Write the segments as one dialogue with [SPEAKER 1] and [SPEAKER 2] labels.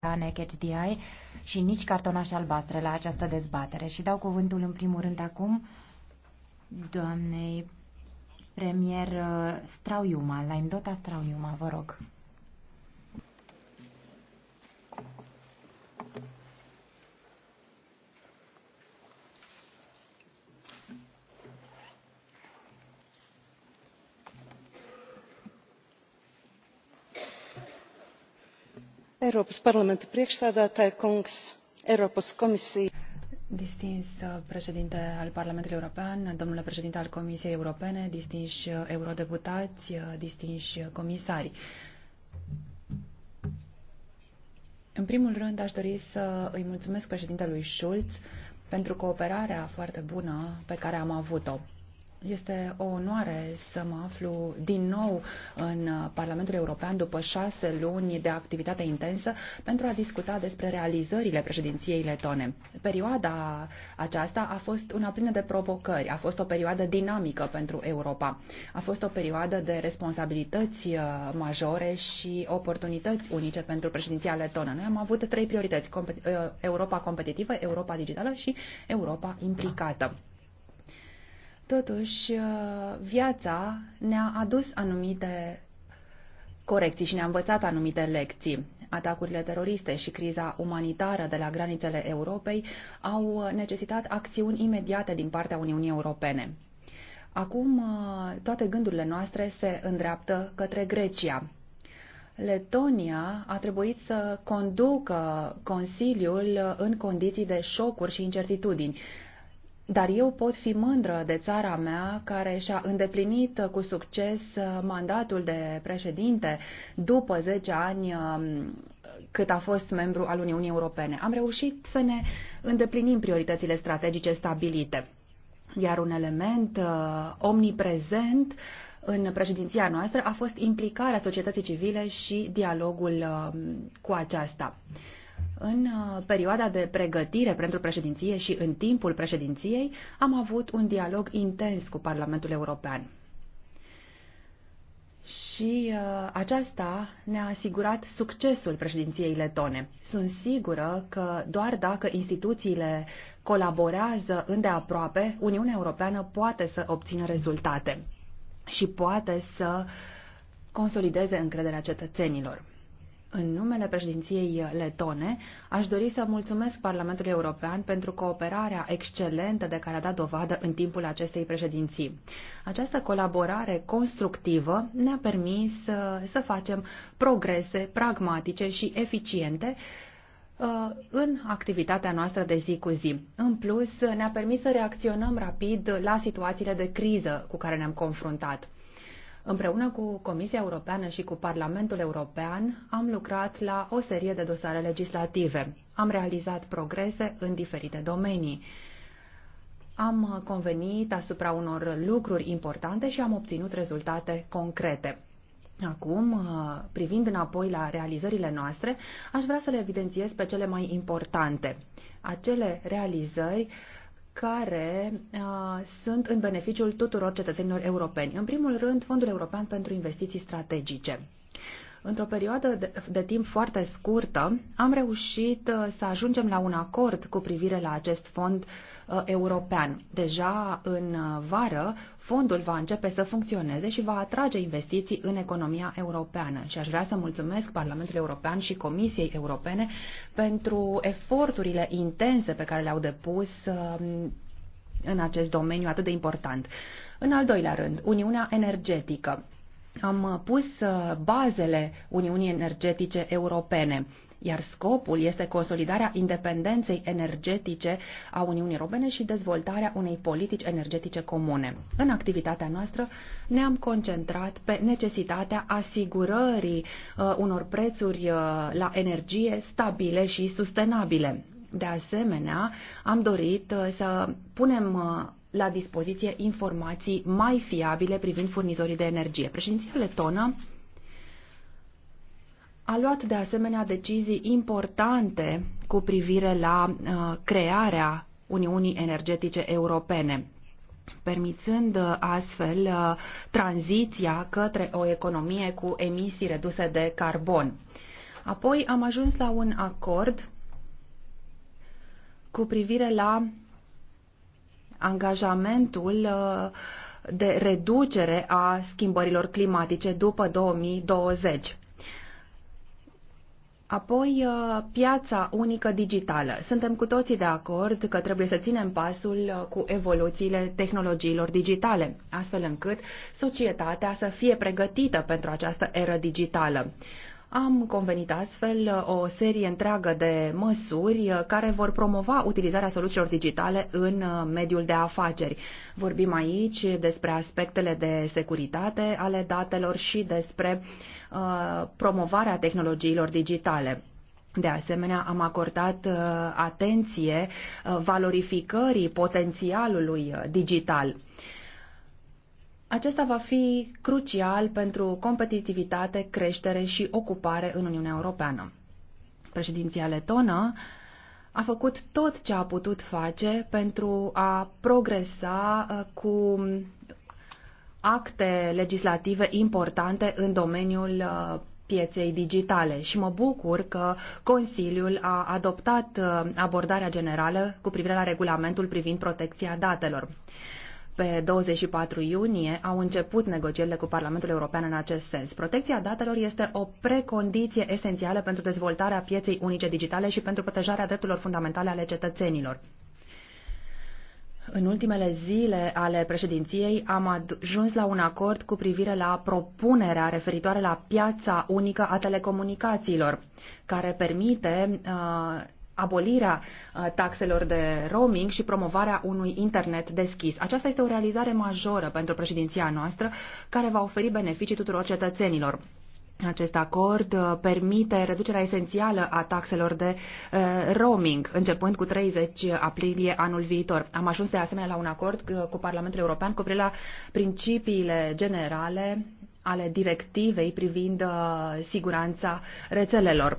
[SPEAKER 1] la NCHDI și nici cartonașe albastre la această dezbatere. Și dau cuvântul în primul rând acum doamnei premier uh, Strauiuma, Laimdota Strauiuma, vă rog.
[SPEAKER 2] Euroopas Parlamenta
[SPEAKER 3] priekšsēdētāja kungs, Euroopas komisija. Distins uh, președinte al Parlamentului European, domnule președinte al Comisiei Europene, distinși uh, eurodeputați, uh, distinși comisari. În primul rând, aș dori să îi mulțumesc președintelui Schulz pentru cooperarea foarte bună pe care am avut-o. Este o onoare să mă aflu din nou în Parlamentul European după șase luni de activitate intensă pentru a discuta despre realizările președinției letone. Perioada aceasta a fost una plină de provocări, a fost o perioadă dinamică pentru Europa, a fost o perioadă de responsabilități uh, majore și oportunități unice pentru președinția letonă. Noi am avut trei priorități, uh, Europa competitivă, Europa digitală și Europa implicată. Totuși, uh, viața ne-a adus anumite corecții și ne-a învățat anumite lecții. Atacurile teroriste și criza umanitară de la granițele Europei au uh, necesitat acțiuni imediate din partea Uniunii Europene. Acum uh, toate gândurile noastre se îndreaptă către Grecia. Letonia a trebuit să conducă Consiliul în condiții de șocuri și incertitudini dar eu pot fi mândră de țara mea care și-a îndeplinit cu succes uh, mandatul de președinte după 10 ani um, cât a fost membru al Uniunii Europene. Am reușit să ne îndeplinim prioritățile strategice stabilite. Iar un element uh, omniprezent în președinția noastră a fost implicarea societății civile și dialogul uh, cu aceasta. Uh, în uh, perioada de pregătire pentru președinție și în timpul președinției am avut un dialog intens cu Parlamentul European. Și uh, aceasta ne-a asigurat succesul președinției letone. Sunt sigură că doar dacă instituțiile colaborează îndeaproape, Uniunea Europeană poate să obțină rezultate și poate să consolideze încrederea cetățenilor. În numele președinției letone, aș dori să mulțumesc Parlamentului European pentru cooperarea excelentă de care a dat dovadă în timpul acestei președinții. Această colaborare constructivă ne-a permis să, uh, să facem progrese pragmatice și eficiente uh, în activitatea noastră de zi cu zi. În plus, ne-a permis să reacționăm rapid la situațiile de criză cu care ne-am confruntat. Împreună cu Comisia Europeană și cu Parlamentul European am lucrat la o serie de dosare legislative. Am realizat progrese în diferite domenii. Am convenit asupra unor lucruri importante și am obținut rezultate concrete. Acum, privind înapoi la realizările noastre, aș vrea să le evidențiez pe cele mai importante. Acele realizări uh, care uh, sunt în beneficiul tuturor cetățenilor europeni. În primul rând, Fondul European pentru Investiții Strategice. Într-o perioadă de, de timp foarte scurtă, am reușit uh, să ajungem la un acord cu privire la acest fond uh, Uh, european. Deja în uh, vară, fondul va începe să funcționeze și va atrage investiții în economia europeană. Și aș vrea să mulțumesc Parlamentului European și Comisiei Europene pentru eforturile intense pe care le-au depus um, în acest domeniu atât de important. În al doilea rând, Uniunea Energetică am uh, pus uh, bazele Uniunii Energetice Europene, iar scopul este consolidarea independenței energetice a Uniunii Europene și dezvoltarea unei politici energetice comune. În activitatea noastră ne-am concentrat pe necesitatea asigurării uh, unor prețuri uh, la energie stabile și sustenabile. De asemenea, am dorit uh, să punem la dispoziție informații mai fiabile privind furnizorii de energie. Președinția letonă a luat de asemenea decizii importante cu privire la uh, crearea Uniunii Energetice Europene permițând uh, astfel uh, tranziția către o economie cu emisii reduse de carbon. Apoi am ajuns la un acord cu privire la angajamentul uh, de reducere a schimbărilor climatice după 2020. Apoi, uh, piața unică digitală. Suntem cu toții de acord că trebuie să ținem pasul uh, cu evoluțiile tehnologiilor digitale, astfel încât societatea să fie pregătită pentru această eră digitală. Am convenit astfel uh, o serie întreagă de măsuri uh, care vor promova utilizarea soluțiilor digitale în uh, mediul de afaceri. Vorbim aici despre aspectele de securitate ale datelor și despre uh, promovarea tehnologiilor digitale. De asemenea, am acordat atenție valorificării potențialului digital. Acesta va fi crucial pentru competitivitate, creștere și ocupare în Uniunea Europeană. Președinția letonă a făcut tot ce a putut face pentru a progresa uh, cu acte legislative importante în domeniul uh, pieței digitale și mă bucur că Consiliul a adoptat uh, abordarea generală cu privire la regulamentul privind protecția datelor pe 24 iunie au început negocierile cu Parlamentul European în acest sens. Protecția datelor este o precondiție esențială pentru dezvoltarea pieței unice digitale și pentru protejarea drepturilor fundamentale ale cetățenilor. În ultimele zile ale președinției am ajuns la un acord cu privire la propunerea referitoare la piața unică a telecomunicațiilor, care permite uh, abolirea uh, taxelor de roaming și promovarea unui internet deschis. Aceasta este o realizare majoră pentru președinția noastră care va oferi beneficii tuturor cetățenilor. Acest acord uh, permite reducerea esențială a taxelor de uh, roaming, începând cu 30 aprilie anul viitor. Am ajuns de asemenea la un acord cu Parlamentul European cu privire la principiile generale ale directivei privind siguranța rețelelor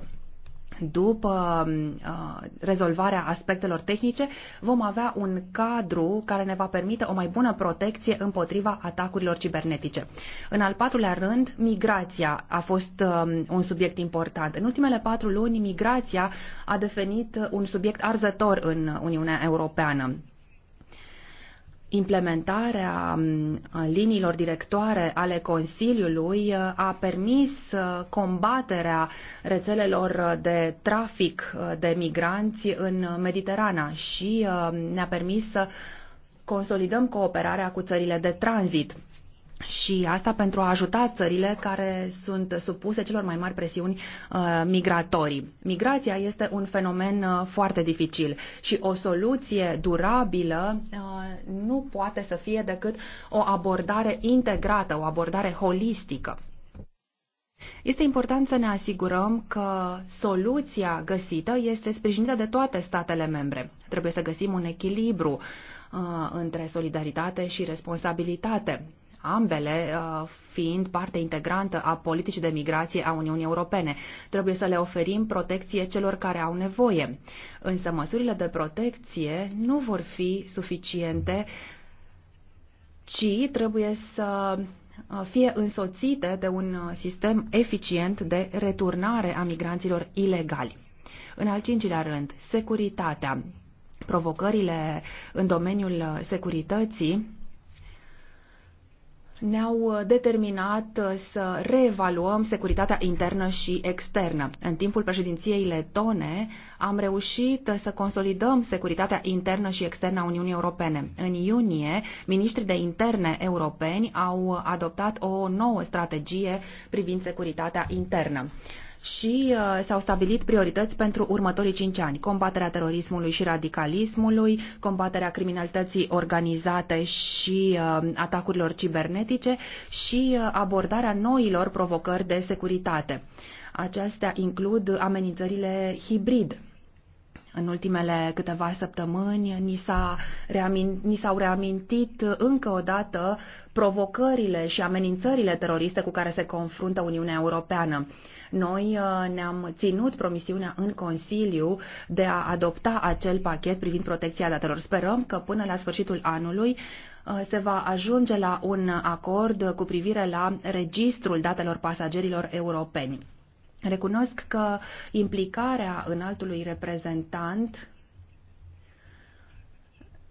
[SPEAKER 3] după uh, rezolvarea aspectelor tehnice, vom avea un cadru care ne va permite o mai bună protecție împotriva atacurilor cibernetice. În al patrulea rând, migrația a fost um, un subiect important. În ultimele patru luni, migrația a devenit un subiect arzător în Uniunea Europeană implementarea mm, liniilor directoare ale Consiliului uh, a permis uh, combaterea rețelelor uh, de trafic de migranți în Mediterana și ne-a permis să consolidăm cooperarea cu țările de tranzit. Și asta pentru a ajuta țările care sunt supuse celor mai mari presiuni uh, migratorii. Migrația este un fenomen uh, foarte dificil și o soluție durabilă uh, nu poate să fie decât o abordare integrată, o abordare holistică. Este important să ne asigurăm că soluția găsită este sprijinită de toate statele membre. Trebuie să găsim un echilibru între solidaritate și responsabilitate ambele uh, fiind parte integrantă a politicii de migrație a Uniunii Europene. Trebuie să le oferim protecție celor care au nevoie. Însă măsurile de protecție nu vor fi suficiente, ci trebuie să uh, fie însoțite de un uh, sistem eficient de returnare a migranților ilegali. În al cincilea rând, securitatea. Provocările în domeniul securității ne-au uh, determinat uh, să reevaluăm securitatea internă și externă. În timpul președinției letone am reușit uh, să consolidăm securitatea internă și externă a Uniunii Europene. În iunie, ministrii de interne europeni au adoptat o nouă strategie privind securitatea internă și uh, s-au stabilit priorități pentru următorii cinci ani. Combaterea terorismului și radicalismului, combaterea criminalității organizate și uh, atacurilor cibernetice și uh, abordarea noilor provocări de securitate. Acestea includ amenințările hibrid. În ultimele câteva săptămâni ni, s-a ni s-au reamintit încă o dată provocările și amenințările teroriste cu care se confruntă Uniunea Europeană. Uh, noi uh, ne-am ținut promisiunea în Consiliu de a adopta acel pachet privind protecția datelor. Sperăm că până la sfârșitul anului uh, se va ajunge la un acord cu privire la registrul datelor pasagerilor europeni. Recunosc că implicarea înaltului reprezentant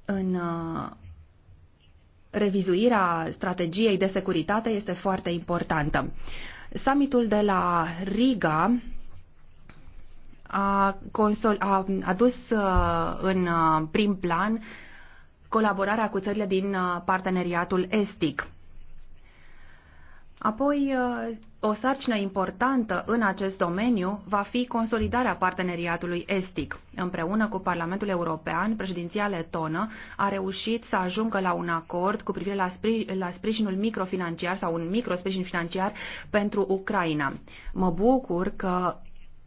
[SPEAKER 3] în uh, revizuirea strategiei de securitate este foarte importantă. Summitul de la Riga a, consol, a adus uh, în uh, prim plan colaborarea cu țările din uh, parteneriatul estic. Apoi, uh, o sarcină importantă în acest domeniu va fi consolidarea parteneriatului estic. Împreună cu Parlamentul European, președinția letonă a reușit să ajungă la un acord cu privire la, spri- la sprijinul microfinanciar sau un microsprijin financiar pentru Ucraina. Mă bucur că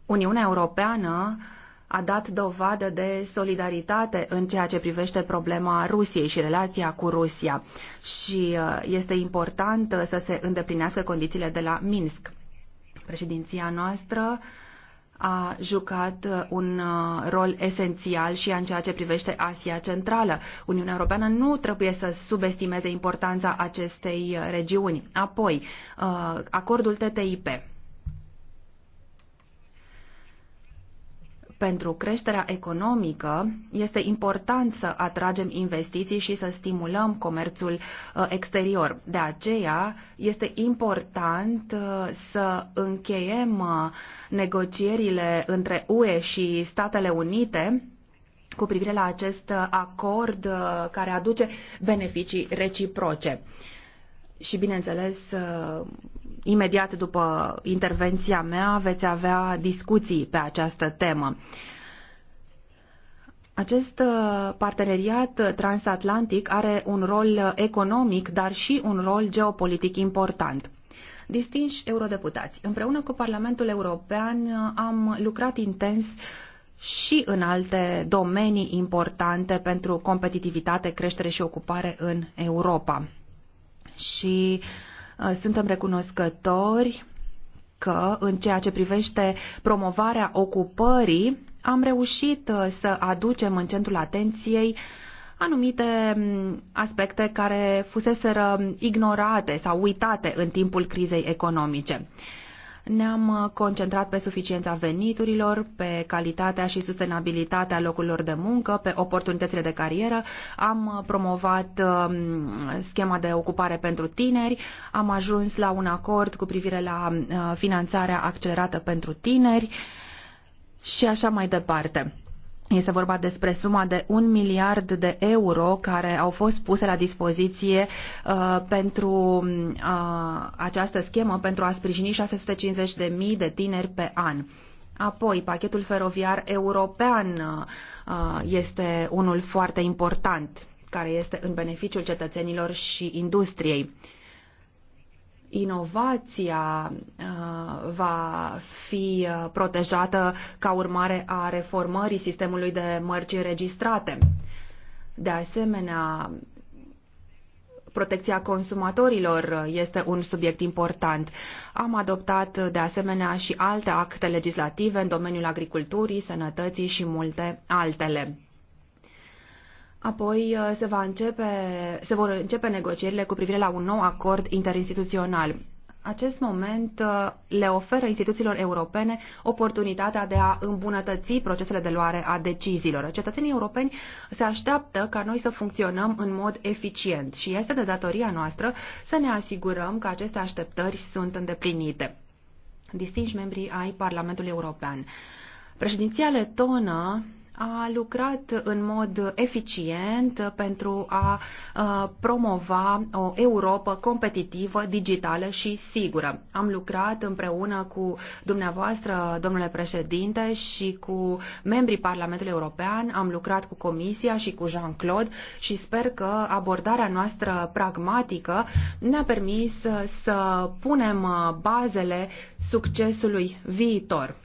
[SPEAKER 3] Uniunea Europeană uh, a dat dovadă de solidaritate în ceea ce privește problema Rusiei și relația cu Rusia și uh, este important uh, să se îndeplinească condițiile de la Minsk. Președinția noastră a jucat uh, un rol esențial și în ceea ce privește Asia Centrală. Uniunea Europeană nu trebuie să subestimeze importanța acestei regiuni. Apoi, acordul TTIP pentru creșterea economică este important să atragem investiții și să stimulăm comerțul uh, exterior. De aceea este important uh, să încheiem uh, negocierile între UE și Statele Unite cu privire la acest acord care aduce beneficii reciproce. Și bineînțeles, imediat după intervenția mea veți avea discuții pe această temă. Acest uh, parteneriat transatlantic are un rol economic, dar și un rol geopolitic important. Distinși eurodeputați, împreună cu Parlamentul European am lucrat intens și în alte domenii importante pentru competitivitate, creștere și ocupare în Europa. Și uh, Uh, suntem recunoscători că, în ceea ce privește promovarea ocupării, am reușit uh, să aducem în centrul atenției anumite mm, aspecte care fuseseră ignorate sau uitate în timpul crizei economice. Ne-am uh, concentrat pe suficiența veniturilor, pe calitatea și sustenabilitatea locurilor de muncă, pe oportunitățile de carieră, am uh, promovat um, schema de ocupare pentru tineri, am ajuns la un acord cu privire la uh, finanțarea accelerată pentru tineri și așa mai departe. Este vorba despre suma de un miliard de euro care au fost puse la dispoziție uh, pentru uh, această schemă pentru a sprijini 650.000 de tineri pe an. Apoi, pachetul feroviar european uh, este unul foarte important, care este în beneficiul cetățenilor și industriei. Uh, inovația uh, va fi uh, protejată ca urmare a reformării sistemului de mărci înregistrate. De asemenea, protecția consumatorilor este un subiect important. Am adoptat de asemenea și alte acte legislative în domeniul agriculturii, sănătății și multe altele. Apoi uh, se, va începe, se vor începe negocierile cu privire la un nou acord interinstituțional. Acest moment uh, le oferă instituțiilor europene oportunitatea de a îmbunătăți procesele de luare a deciziilor. Cetățenii europeni se așteaptă ca noi să funcționăm în mod eficient și este de datoria noastră să ne asigurăm că aceste așteptări sunt îndeplinite. Distinși membrii ai Parlamentului European. Președinția letonă a lucrat în mod eficient pentru a promova o Europa competitivă, digitală și sigură. Am lucrat împreună cu dumneavoastră, domnule președinte, și cu membrii Parlamentului European, am lucrat cu Comisia și cu Jean-Claude și sper că abordarea noastră pragmatică ne-a permis să punem bazele succesului viitor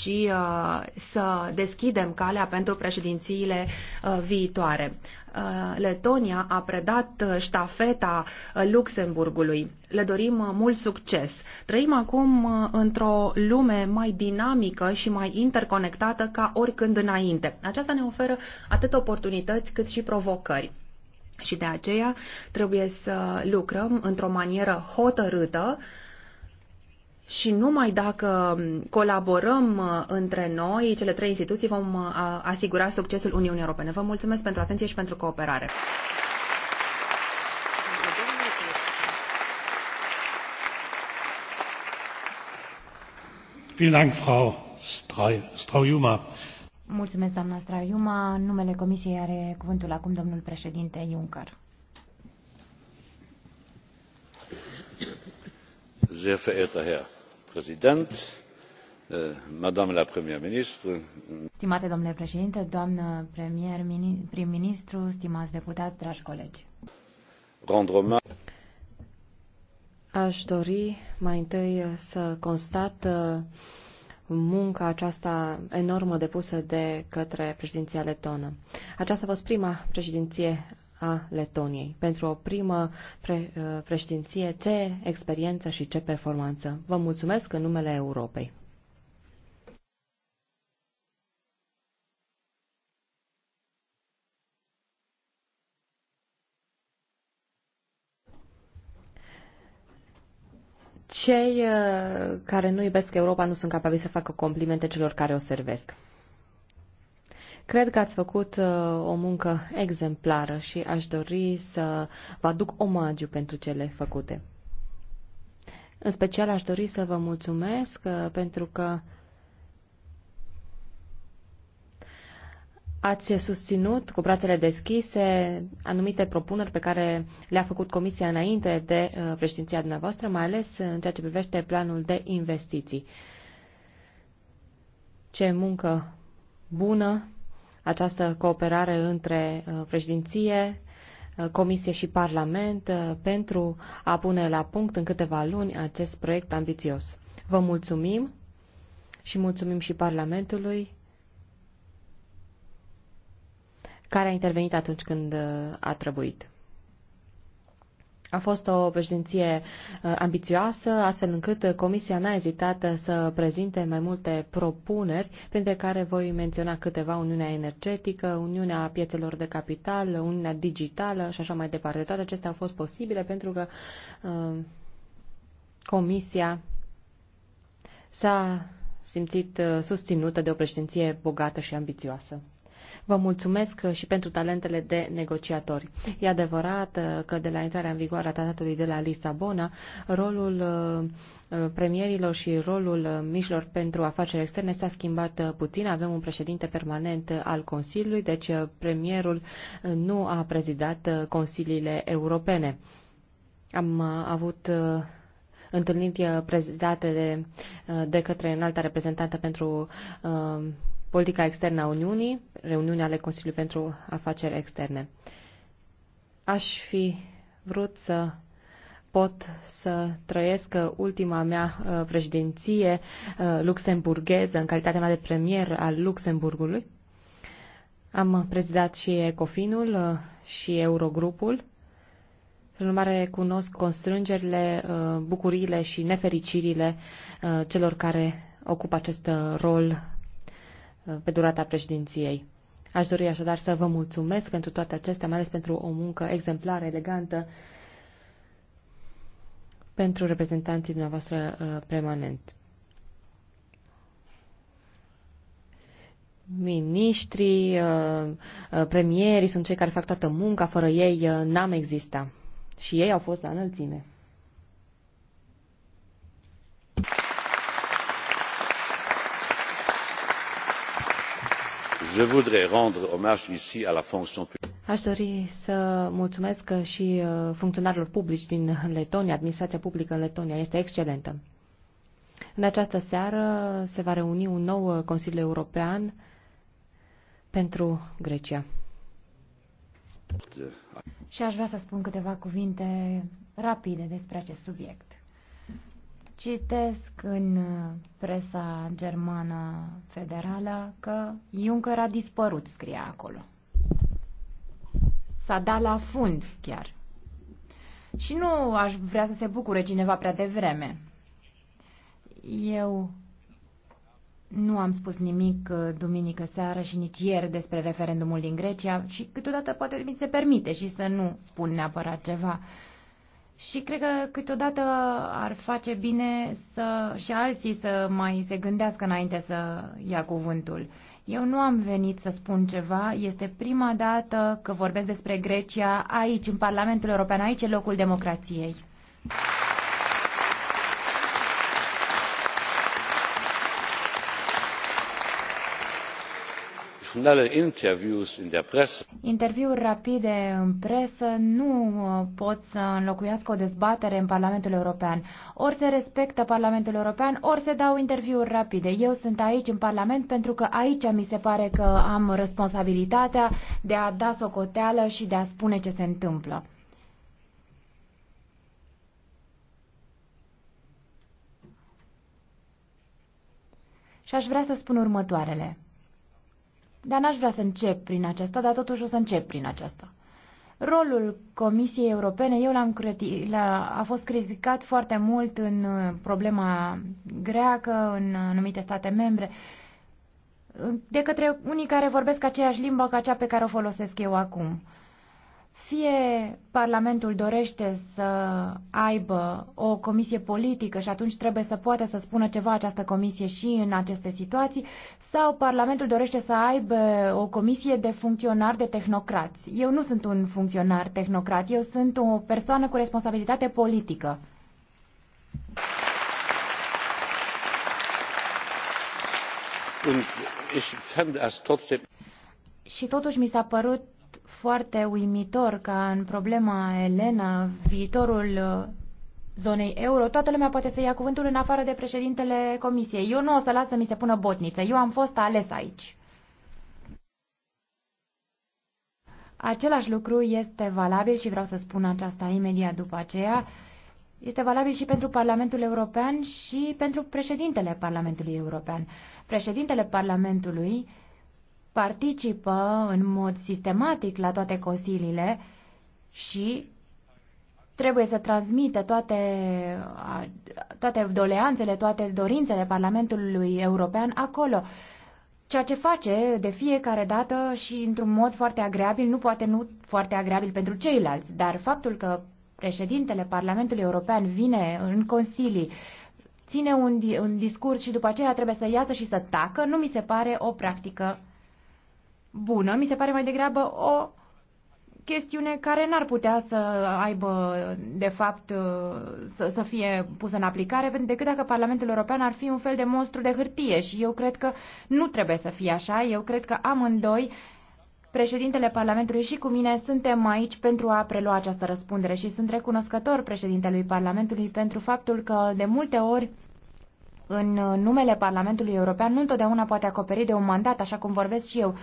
[SPEAKER 3] și uh, să deschidem calea pentru președințiile uh, viitoare. Uh, Letonia a predat ștafeta Luxemburgului. Le dorim mult succes. Trăim acum într-o lume mai dinamică și mai interconectată ca oricând înainte. Aceasta ne oferă atât oportunități cât și provocări. Și de aceea trebuie să lucrăm într-o manieră hotărâtă, uh, și numai dacă colaborăm uh, între noi, cele trei instituții, vom uh, asigura succesul Uniunii Europene. Vă mulțumesc pentru atenție și pentru cooperare.
[SPEAKER 1] Mulțumesc, doamna Straiuma. numele Comisiei are cuvântul acum domnul președinte Juncker.
[SPEAKER 3] Sehr verehrter Herr Eh, domnule
[SPEAKER 1] președinte doamnă premier prim ministru stimați deputați
[SPEAKER 2] dragi colegi aș dori mai întâi să constat eh, munca aceasta enormă depusă de către președinția letonă. Aceasta a fost prima președinție a Letoniei. Pentru o primă pre, uh, președinție, ce experiență și ce performanță! Vă mulțumesc în numele Europei! cei uh, care nu iubesc Europa nu sunt capabili să facă complimente celor care o servesc. Cred că ați făcut uh, o muncă exemplară și aș dori să vă aduc omagiu pentru cele făcute. În special aș dori să vă mulțumesc uh, pentru că Ați susținut cu brațele deschise anumite propuneri pe care le-a făcut Comisia înainte de uh, președinția dumneavoastră, mai ales în ceea ce privește planul de investiții. Ce muncă bună această cooperare între uh, președinție, uh, Comisie și Parlament uh, pentru a pune la punct în câteva luni acest proiect ambițios. Vă mulțumim și mulțumim și Parlamentului care a intervenit atunci când a trebuit. A fost o președinție uh, ambițioasă, astfel încât uh, Comisia n-a ezitat uh, să prezinte mai multe propuneri, printre care voi menționa câteva Uniunea Energetică, Uniunea Piețelor de Capital, Uniunea Digitală și așa mai departe. Toate acestea au fost posibile pentru că Comisia s-a simțit susținută de o președinție bogată și ambițioasă. Vă mulțumesc uh, și pentru talentele de negociatori. E adevărat uh, că de la intrarea în vigoare a tratatului de la Lisabona, rolul uh, premierilor și rolul mișilor pentru afaceri externe s-a schimbat puțin. Avem un președinte permanent al Consiliului, deci premierul nu a prezidat consiliile europene. Am avut întâlniri prezidate de, de către înalta reprezentantă pentru uh, politica externă a Uniunii, reuniunea ale Consiliului pentru Afaceri Externe. Aș fi vrut să pot să trăiesc uh, ultima mea uh, președinție uh, luxemburgheză în calitatea mea de premier al Luxemburgului. Am prezidat și Ecofinul și Eurogrupul. Prin urmare, cunosc constrângerile, bucuriile și nefericirile celor care ocupă acest rol pe durata președinției. Aș dori așadar să vă mulțumesc pentru toate acestea, mai ales pentru o muncă exemplară, elegantă, pentru reprezentanții dumneavoastră uh, permanent. Ministrii, uh, uh, premierii sunt cei care fac toată munca, fără ei n-am exista. Și ei au fost la înălțime.
[SPEAKER 3] je voudrais rendre hommage ici à la fonction
[SPEAKER 2] Aș dori să mulțumesc și uh, funcționarilor publici din Letonia. Administrația publică în Letonia este excelentă. În această seară se va reuni un nou uh, Consiliu European pentru Grecia.
[SPEAKER 1] Și aș vrea să spun câteva cuvinte rapide despre acest subiect. Citesc în uh, presa germană federală că Juncker a dispărut, scria acolo. S-a dat la fund chiar. Și nu aș vrea să se bucure cineva prea devreme. Eu nu am spus nimic uh, duminică seară și nici ieri despre referendumul din Grecia și câteodată poate mi se permite și să nu spun neapărat ceva. Și cred că câteodată ar face bine să și alții să mai se gândească înainte să ia cuvântul. Eu nu am venit să spun ceva, este prima dată că vorbesc despre Grecia aici, în Parlamentul European, aici e locul democrației. Interviuri rapide în presă nu uh, pot să înlocuiască o dezbatere în Parlamentul European. Ori se respectă Parlamentul European, ori se dau interviuri rapide. Eu sunt aici în Parlament pentru că aici mi se pare că am responsabilitatea de a da socoteală și de a spune ce se întâmplă. Și aș vrea să spun următoarele. Dar n-aș vrea să încep prin aceasta, dar totuși o să încep prin aceasta. Rolul Comisiei Europene, eu l-am l a fost criticat foarte mult în uh, problema greacă, în anumite state membre, uh, de către unii care vorbesc aceeași limbă ca cea pe care o folosesc eu acum. Fie Parlamentul dorește să aibă o comisie politică și atunci trebuie să poată să spună ceva această comisie și în aceste situații, sau Parlamentul dorește să aibă o comisie de funcționari de tehnocrați. Eu nu sunt un funcționar tehnocrat, eu sunt o persoană cu responsabilitate politică. Și totuși mi s-a părut foarte uimitor ca în problema Elena, viitorul uh, zonei euro, toată lumea poate să ia cuvântul în afară de președintele comisiei. Eu nu o să las să mi se pună botniță. Eu am fost ales aici. Același lucru este valabil și vreau să spun aceasta imediat după aceea. Este valabil și pentru Parlamentul European și pentru președintele Parlamentului European. Președintele Parlamentului participă în mod sistematic la toate consiliile și trebuie să transmită toate, toate doleanțele, toate dorințele Parlamentului European acolo. Ceea ce face de fiecare dată și într-un mod foarte agreabil, nu poate nu foarte agreabil pentru ceilalți, dar faptul că președintele Parlamentului European vine în consilii, ține un, un discurs și după aceea trebuie să iasă și să tacă, nu mi se pare o practică bună, mi se pare mai degrabă o chestiune care n-ar putea să aibă, de fapt, uh, să, să fie pusă în aplicare, decât dacă Parlamentul European ar fi un fel de monstru de hârtie și eu cred că nu trebuie să fie așa, eu cred că amândoi Președintele Parlamentului și cu mine suntem aici pentru a prelua această răspundere și sunt recunoscător președintelui Parlamentului pentru faptul că de multe ori în numele Parlamentului European nu întotdeauna poate acoperi de un mandat, așa cum vorbesc și eu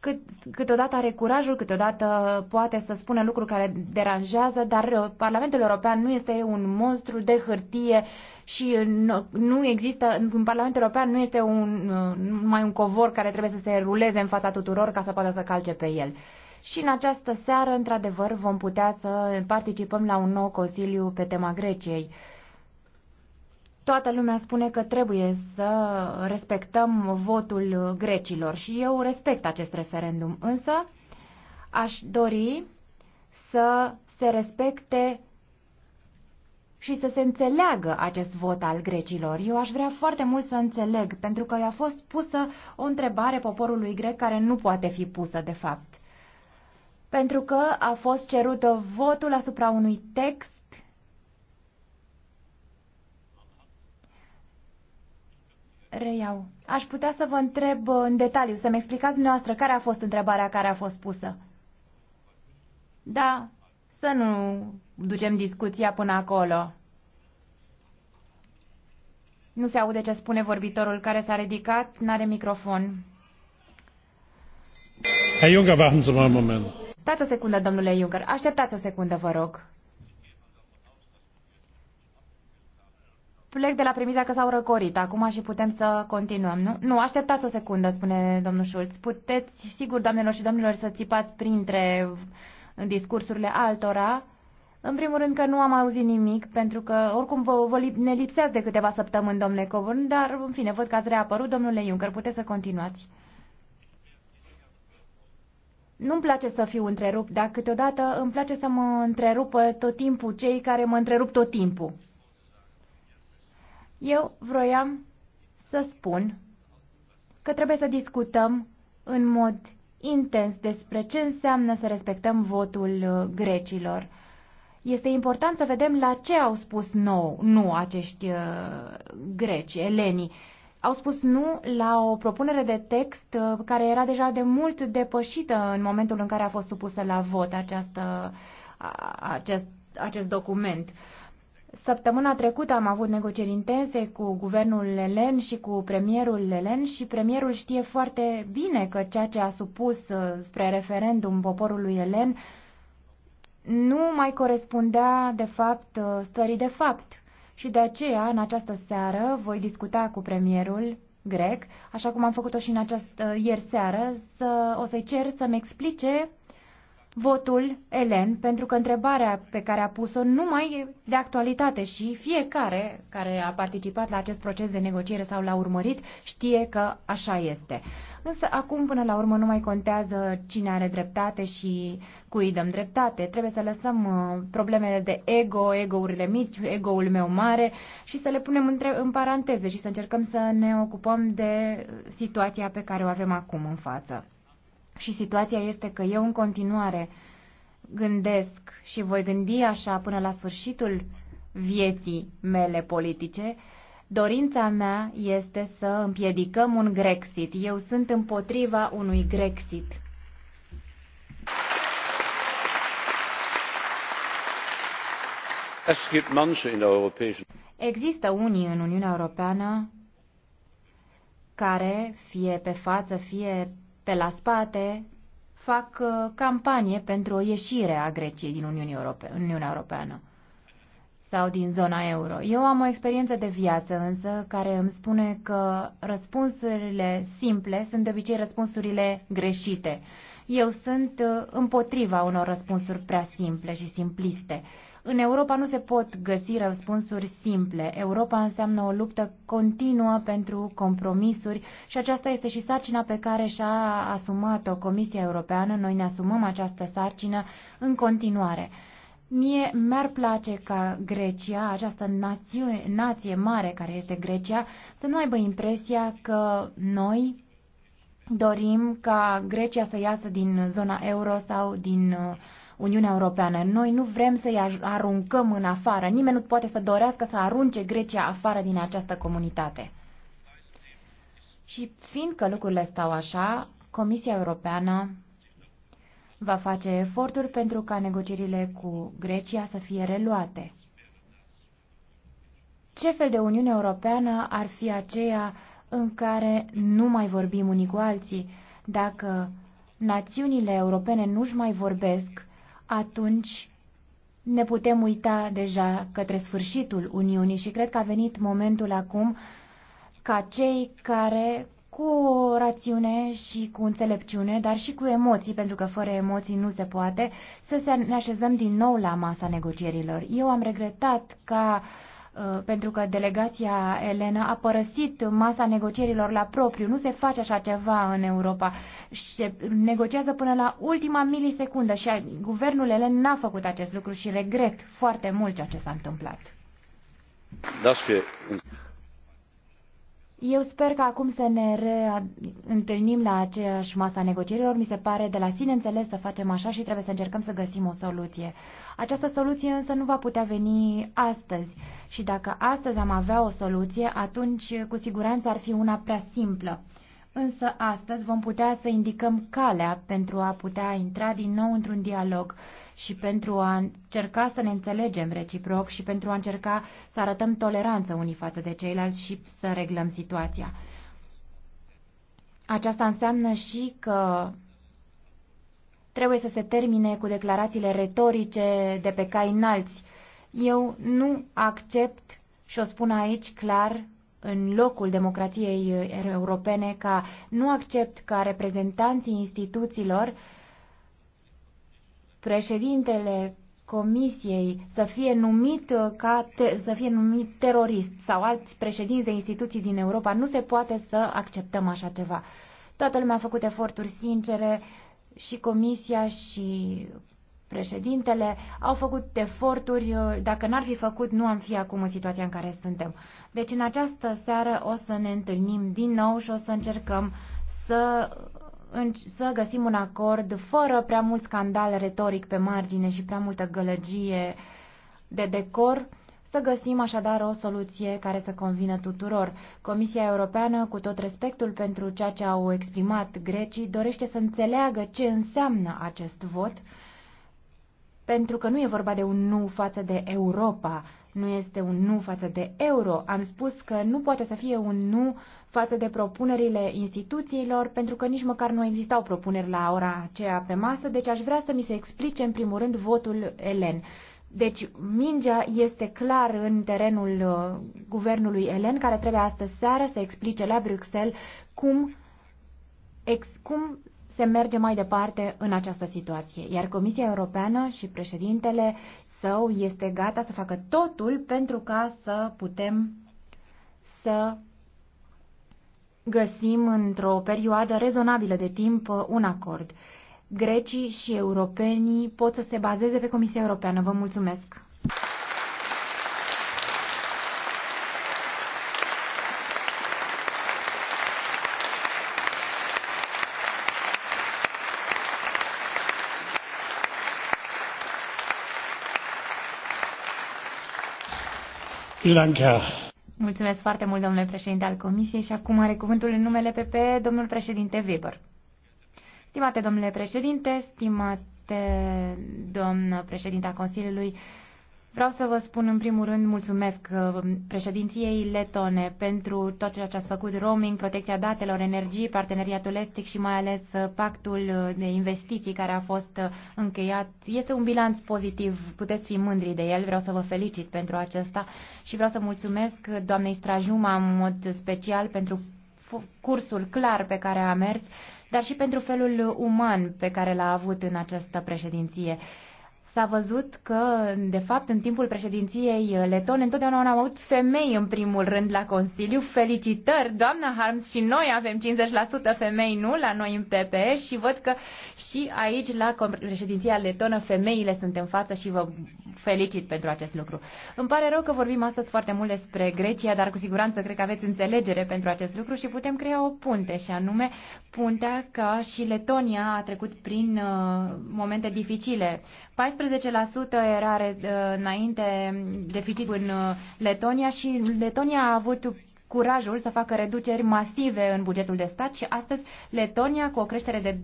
[SPEAKER 1] cât, câteodată are curajul, câteodată poate să spună lucruri care deranjează, dar uh, Parlamentul European nu este un monstru de hârtie și uh, nu, există, în Parlamentul European nu este un, numai uh, un covor care trebuie să se ruleze în fața tuturor ca să poată să calce pe el. Și în această seară, într-adevăr, vom putea să participăm la un nou consiliu pe tema Greciei. Toată lumea spune că trebuie să respectăm votul grecilor și eu respect acest referendum, însă aș dori să se respecte și să se înțeleagă acest vot al grecilor. Eu aș vrea foarte mult să înțeleg, pentru că i-a fost pusă o întrebare poporului grec care nu poate fi pusă, de fapt. Pentru că a fost cerut votul asupra unui text Reiau. Aș putea să vă întreb uh, în detaliu, să-mi explicați dumneavoastră care a fost întrebarea care a fost pusă. Da, să nu ducem discuția până acolo. Nu se aude ce spune vorbitorul care s-a ridicat, n-are microfon.
[SPEAKER 3] Herr Juncker, warten Sie mal einen Moment.
[SPEAKER 1] Stați o secundă, domnule Juncker. Așteptați o secundă, vă rog. Plec de la premisa că s-au răcorit acum și putem să continuăm, nu? Nu, așteptați o secundă, spune domnul Schulz. Puteți, sigur, doamnelor și domnilor, să țipați printre discursurile altora. În primul rând că nu am auzit nimic, pentru că oricum vă, vă lip, ne lipseați de câteva săptămâni, domnule Coburn, dar în fine, văd că ați reapărut, domnule Juncker, puteți să continuați. Nu-mi place să fiu întrerupt, dar câteodată îmi place să mă întrerupă tot timpul cei care mă întrerup tot timpul. Eu vroiam să spun că trebuie să discutăm în mod intens despre ce înseamnă să respectăm votul uh, grecilor. Este important să vedem la ce au spus nou, nu acești uh, greci, elenii. Au spus nu la o propunere de text uh, care era deja de mult depășită în momentul în care a fost supusă la vot această, uh, acest, acest document. Uh, Săptămâna trecută am avut negocieri intense cu guvernul Lelen și cu premierul Lelen și premierul știe foarte bine că ceea ce a supus uh, spre referendum poporului elen nu mai corespundea de fapt uh, stării de fapt. Și de aceea, în această seară, voi discuta cu premierul grec, așa cum am făcut-o și în această uh, ieri seară, să, o să-i cer să-mi explice votul Elen, pentru că întrebarea pe care a pus-o nu mai e de actualitate și fiecare care a participat la acest proces de negociere sau l-a urmărit știe că așa este. Însă acum, până la urmă, nu mai contează cine are dreptate și cui îi dăm dreptate. Trebuie să lăsăm uh, problemele de ego, egourile mici, egoul meu mare și să le punem între, în paranteze și să încercăm să ne ocupăm de uh, situația pe care o avem acum în față. Și situația este că eu în continuare gândesc și voi gândi așa până la sfârșitul vieții mele politice, dorința mea este să împiedicăm un Grexit. Eu sunt împotriva unui Grexit. Există unii în Uniunea Europeană care, fie pe față, fie pe la spate fac uh, campanie pentru o ieșire a Greciei din Uniunea, Europe- Uniunea Europeană sau din zona euro. Eu am o experiență de viață însă care îmi spune că răspunsurile simple sunt de obicei răspunsurile greșite. Eu sunt uh, împotriva unor răspunsuri prea simple și simpliste. În Europa nu se pot găsi răspunsuri simple. Europa înseamnă o luptă continuă pentru compromisuri și aceasta este și sarcina pe care și-a asumat-o Comisia Europeană. Noi ne asumăm această sarcină în continuare. Mie mi-ar place ca Grecia, această națiune, nație mare care este Grecia, să nu aibă impresia că noi dorim ca Grecia să iasă din zona euro sau din uh, Uniunea Europeană. Noi nu vrem să-i aruncăm în afară. Nimeni nu poate să dorească să arunce Grecia afară din această comunitate. Și fiindcă lucrurile stau așa, Comisia Europeană va face eforturi pentru ca negocierile cu Grecia să fie reluate. Ce fel de Uniune Europeană ar fi aceea în care nu mai vorbim unii cu alții? Dacă națiunile europene nu-și mai vorbesc, atunci ne putem uita deja către sfârșitul Uniunii și cred că a venit momentul acum ca cei care cu o rațiune și cu înțelepciune, dar și cu emoții, pentru că fără emoții nu se poate, să se ne așezăm din nou la masa negocierilor. Eu am regretat ca uh, Uh, pentru că delegația Elena a părăsit masa negocierilor la propriu. Nu se face așa ceva în Europa. Se negociază până la ultima milisecundă și guvernul Elen n-a făcut acest lucru și regret foarte mult ceea ce s-a întâmplat. Da, eu sper că acum să ne întâlnim la aceeași masa negocierilor. Mi se pare de la sine înțeles să facem așa și trebuie să încercăm să găsim o soluție. Această soluție însă nu va putea veni astăzi. Și dacă astăzi am avea o soluție, atunci cu siguranță ar fi una prea simplă. Însă astăzi vom putea să indicăm calea pentru a putea intra din nou într-un dialog și pentru a încerca să ne înțelegem reciproc și pentru a încerca să arătăm toleranță unii față de ceilalți și să reglăm situația. Aceasta înseamnă și că trebuie să se termine cu declarațiile retorice de pe cai înalți. Eu nu accept, și o spun aici clar, în locul democrației europene, ca nu accept ca reprezentanții instituțiilor uh, președintele Comisiei să fie numit uh, ca ter- să fie numit terorist sau alți președinți de instituții din Europa, nu se poate să acceptăm așa ceva. Toată lumea a făcut eforturi sincere și Comisia și președintele au făcut eforturi, uh, dacă n-ar fi făcut, nu am fi acum în situația în care suntem. Deci în această seară o să ne întâlnim din nou și o să încercăm să să găsim un acord fără prea mult scandal retoric pe margine și prea multă gălăgie de decor, să găsim așadar o soluție care să convină tuturor. Comisia Europeană, cu tot respectul pentru ceea ce au exprimat grecii, dorește să înțeleagă ce înseamnă acest vot, pentru că nu e vorba de un nu față de Europa, nu este un nu față de euro. Am spus că nu poate să fie un nu față de propunerile instituțiilor, pentru că nici măcar nu existau propuneri la ora aceea pe masă, deci aș vrea să mi se explice în primul rând votul elen. Deci mingea este clar în terenul uh, guvernului elen, care trebuie astăzi seară să explice la Bruxelles cum, ex, cum se merge mai departe în această situație. Iar Comisia Europeană și președintele său este gata să facă totul pentru ca să putem să găsim într-o perioadă rezonabilă de timp un acord. Grecii și europenii pot să se bazeze pe Comisia Europeană. Vă mulțumesc! Mulțumesc foarte mult, domnule președinte al Comisiei, și acum are cuvântul în numele PP, domnul președinte Weber. Stimate domnule președinte, stimate domn președinte a Consiliului, Vreau să vă spun în primul rând mulțumesc uh, președinției letone pentru tot ceea ce ați făcut, roaming, protecția datelor, energie, parteneriatul estic și mai ales uh, pactul uh, de investiții care a fost încheiat. Este un bilanț pozitiv, puteți fi mândri de el, vreau să vă felicit pentru acesta și vreau să mulțumesc doamnei Strajuma în mod special pentru cursul clar pe care a mers, dar și pentru felul uman pe care l-a avut în această președinție s-a văzut că, de fapt, în timpul președinției letone, întotdeauna au avut femei în primul rând la Consiliu. Felicitări, doamna Harms, și noi avem 50% femei, nu, la noi în PPE și văd că și aici, la președinția letonă, femeile sunt în față și vă felicit pentru acest lucru. Îmi pare rău că vorbim astăzi foarte mult despre Grecia, dar cu siguranță cred că aveți înțelegere pentru acest lucru și putem crea o punte, și anume puntea că și Letonia a trecut prin uh, momente dificile 14% era uh, înainte deficit în uh, Letonia și Letonia a avut curajul să facă reduceri masive în bugetul de stat și astăzi Letonia, cu o creștere de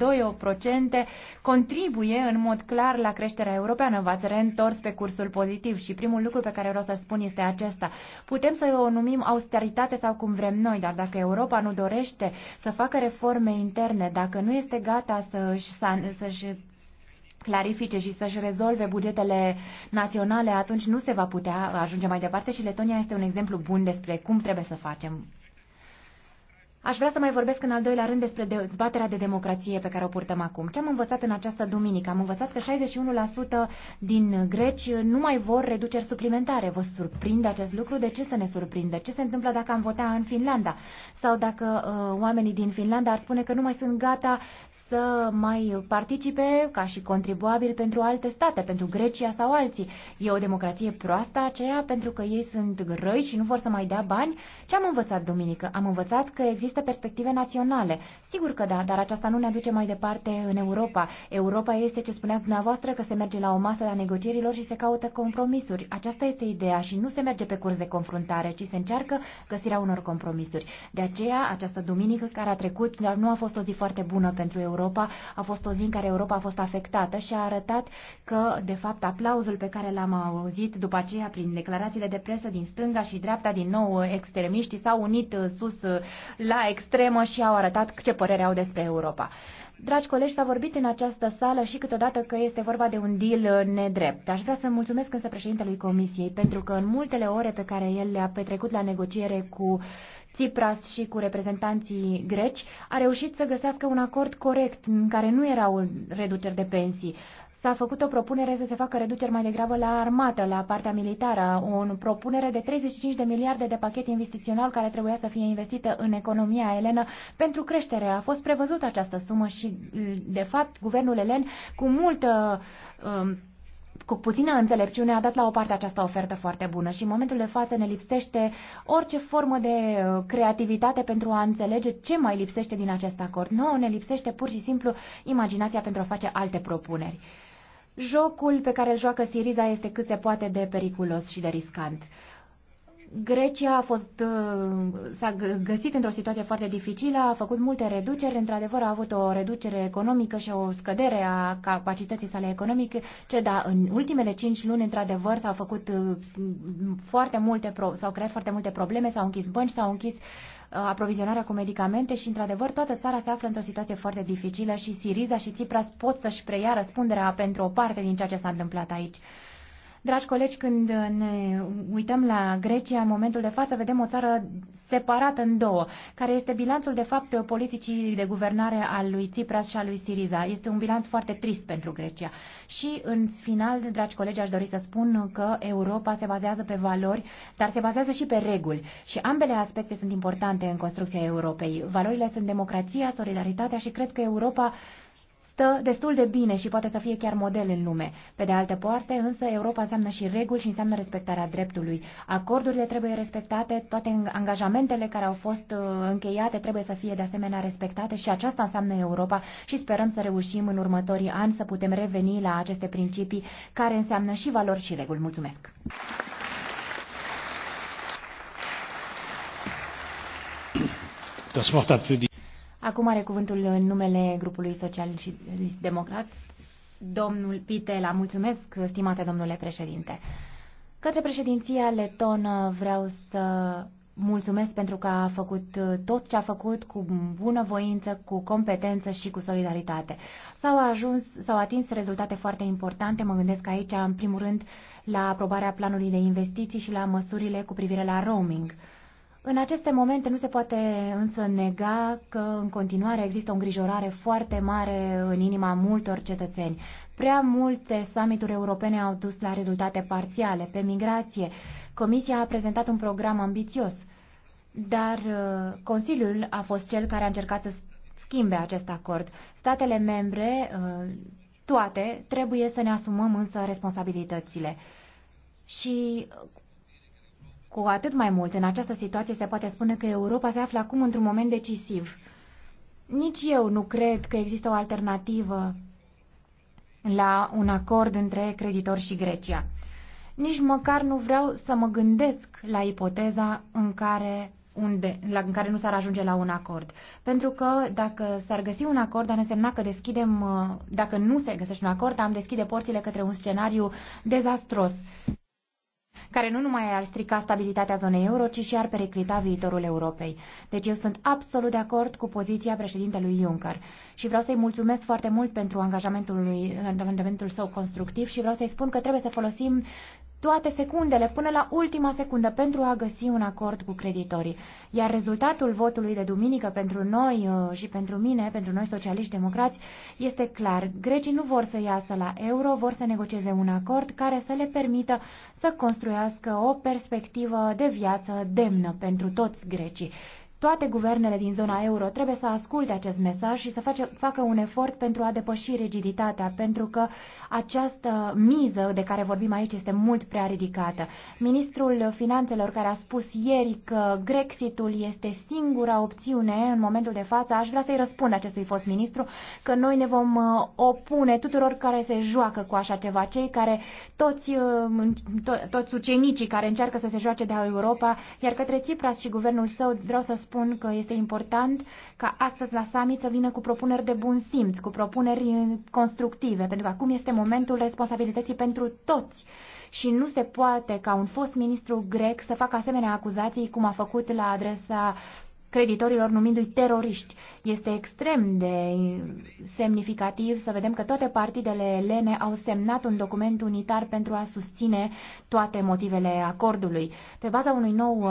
[SPEAKER 1] 2%, contribuie în mod clar la creșterea europeană. V-ați reîntors pe cursul pozitiv și primul lucru pe care vreau să-l spun este acesta. Putem să o numim austeritate sau cum vrem noi, dar dacă Europa nu dorește să facă reforme interne, dacă nu este gata să-și, să-și clarifice și să-și rezolve bugetele naționale, atunci nu se va putea ajunge mai departe și Letonia este un exemplu bun despre cum trebuie să facem. Aș vrea să mai vorbesc în al doilea rând despre dezbaterea de democrație pe care o purtăm acum. Ce am învățat în această duminică? Am învățat că 61% din greci nu mai vor reduceri suplimentare. Vă surprinde acest lucru? De ce să ne surprindă? Ce se întâmplă dacă am vota în Finlanda? Sau dacă uh, oamenii din Finlanda ar spune că nu mai sunt gata să mai participe ca și contribuabil pentru alte state, pentru Grecia sau alții. E o democrație proastă aceea pentru că ei sunt răi și nu vor să mai dea bani? Ce am învățat, Duminică? Am învățat că există perspective naționale. Sigur că da, dar aceasta nu ne aduce mai departe în Europa. Europa este ce spuneați dumneavoastră că se merge la o masă a negocierilor și se caută compromisuri. Aceasta este ideea și nu se merge pe curs de confruntare, ci se încearcă găsirea unor compromisuri. De aceea, această duminică care a trecut nu a fost o zi foarte bună pentru Europa. Europa a fost o zi în care Europa a fost afectată și a arătat că, de fapt, aplauzul pe care l-am auzit după aceea prin declarațiile de presă din stânga și dreapta, din nou uh, extremiștii s-au unit uh, sus uh, la extremă și au arătat ce părere au despre Europa. Dragi colegi, s-a vorbit în această sală și câteodată că este vorba de un deal nedrept. Aș vrea să mulțumesc însă președintelui Comisiei pentru că în multele ore pe care el le-a petrecut la negociere cu uh, Tsipras și cu reprezentanții greci, a reușit să găsească un acord corect în care nu erau reduceri de pensii. S-a făcut o propunere să se facă reduceri mai degrabă la armată, la partea militară, o propunere de 35 de miliarde de pachet investițional care trebuia să fie investită în economia elenă pentru creștere. A fost prevăzută această sumă și, de fapt, guvernul elen cu multă um, cu puțină înțelepciune a dat la o parte această ofertă foarte bună și în momentul de față ne lipsește orice formă de uh, creativitate pentru a înțelege ce mai lipsește din acest acord. Nu, ne lipsește pur și simplu imaginația pentru a face alte propuneri. Jocul pe care îl joacă Siriza este cât se poate de periculos și de riscant. Grecia a fost, uh, s-a găsit într-o situație foarte dificilă, a făcut multe reduceri, într-adevăr a avut o reducere economică și o scădere a capacității sale economice, ce da, în ultimele cinci luni, într-adevăr, s-au făcut uh, foarte multe, s-au creat foarte multe probleme, s-au închis bănci, s-au închis uh, aprovizionarea cu medicamente și, într-adevăr, toată țara se află într-o situație foarte dificilă și Siriza și Tsipras pot să-și preia răspunderea pentru o parte din ceea ce s-a întâmplat aici. Dragi colegi, când ne uităm la Grecia, în momentul de față vedem o țară separată în două, care este bilanțul de fapt politicii de guvernare al lui Tsipras și al lui Siriza. Este un bilanț foarte trist pentru Grecia. Și în final, dragi colegi, aș dori să spun că Europa se bazează pe valori, dar se bazează și pe reguli. Și ambele aspecte sunt importante în construcția Europei. Valorile sunt democrația, solidaritatea și cred că Europa stă destul de bine și poate să fie chiar model în lume. Pe de altă parte, însă, Europa înseamnă și reguli și înseamnă respectarea dreptului. Acordurile trebuie respectate, toate angajamentele care au fost uh, încheiate trebuie să fie de asemenea respectate și aceasta înseamnă Europa și sperăm să reușim în următorii ani să putem reveni la aceste principii care înseamnă și valori și reguli. Mulțumesc!
[SPEAKER 3] Das Wort hat für die
[SPEAKER 1] Acum are cuvântul în numele grupului social și democrat, domnul Pite, la Mulțumesc, stimate domnule președinte. Către președinția letonă vreau să mulțumesc pentru că a făcut tot ce a făcut cu bună voință, cu competență și cu solidaritate. S-au ajuns, s-au atins rezultate foarte importante. Mă gândesc aici, în primul rând, la aprobarea planului de investiții și la măsurile cu privire la roaming. În aceste momente nu se poate însă nega că în continuare există o îngrijorare foarte mare în inima multor cetățeni. Prea multe summituri europene au dus la rezultate parțiale. Pe migrație, Comisia a prezentat un program ambițios, dar uh, Consiliul a fost cel care a încercat să schimbe acest acord. Statele membre, uh, toate, trebuie să ne asumăm însă responsabilitățile. Și uh, cu atât mai mult, în această situație se poate spune că Europa se află acum într-un moment decisiv. Nici eu nu cred că există o alternativă la un acord între creditor și Grecia. Nici măcar nu vreau să mă gândesc la ipoteza în care, unde, la, în care nu s-ar ajunge la un acord. Pentru că dacă s-ar găsi un acord, ar însemna că deschidem, uh, dacă nu se găsește un acord, am deschide porțile către un scenariu dezastros care nu numai ar strica stabilitatea zonei euro, ci și ar periclita viitorul Europei. Deci eu sunt absolut de acord cu poziția președintelui Juncker și vreau să-i mulțumesc foarte mult pentru angajamentul, lui, angajamentul său constructiv și vreau să-i spun că trebuie să folosim toate secundele, până la ultima secundă, pentru a găsi un acord cu creditorii. Iar rezultatul votului de duminică pentru noi uh, și pentru mine, pentru noi socialiști democrați, este clar. Grecii nu vor să iasă la euro, vor să negocieze un acord care să le permită să construiască o perspectivă de viață demnă pentru toți grecii. Toate guvernele din zona euro trebuie să asculte acest mesaj și să face, facă un efort pentru a depăși rigiditatea, pentru că această miză de care vorbim aici este mult prea ridicată. Ministrul Finanțelor care a spus ieri că Grexitul este singura opțiune în momentul de față, aș vrea să-i răspund acestui fost ministru că noi ne vom uh, opune tuturor care se joacă cu așa ceva, cei care toți, uh, to, toți ucenicii care încearcă să se joace de Europa, iar către Tsipras și guvernul său vreau să spun că este important ca astăzi la summit să vină cu propuneri de bun simț, cu propuneri uh, constructive, pentru că acum este momentul responsabilității pentru toți și nu se poate ca un fost ministru grec să facă asemenea acuzații cum a făcut la adresa creditorilor numindu-i teroriști. Este extrem de semnificativ să vedem că toate partidele elene au semnat un document unitar pentru a susține toate motivele acordului. Pe baza unui nou uh,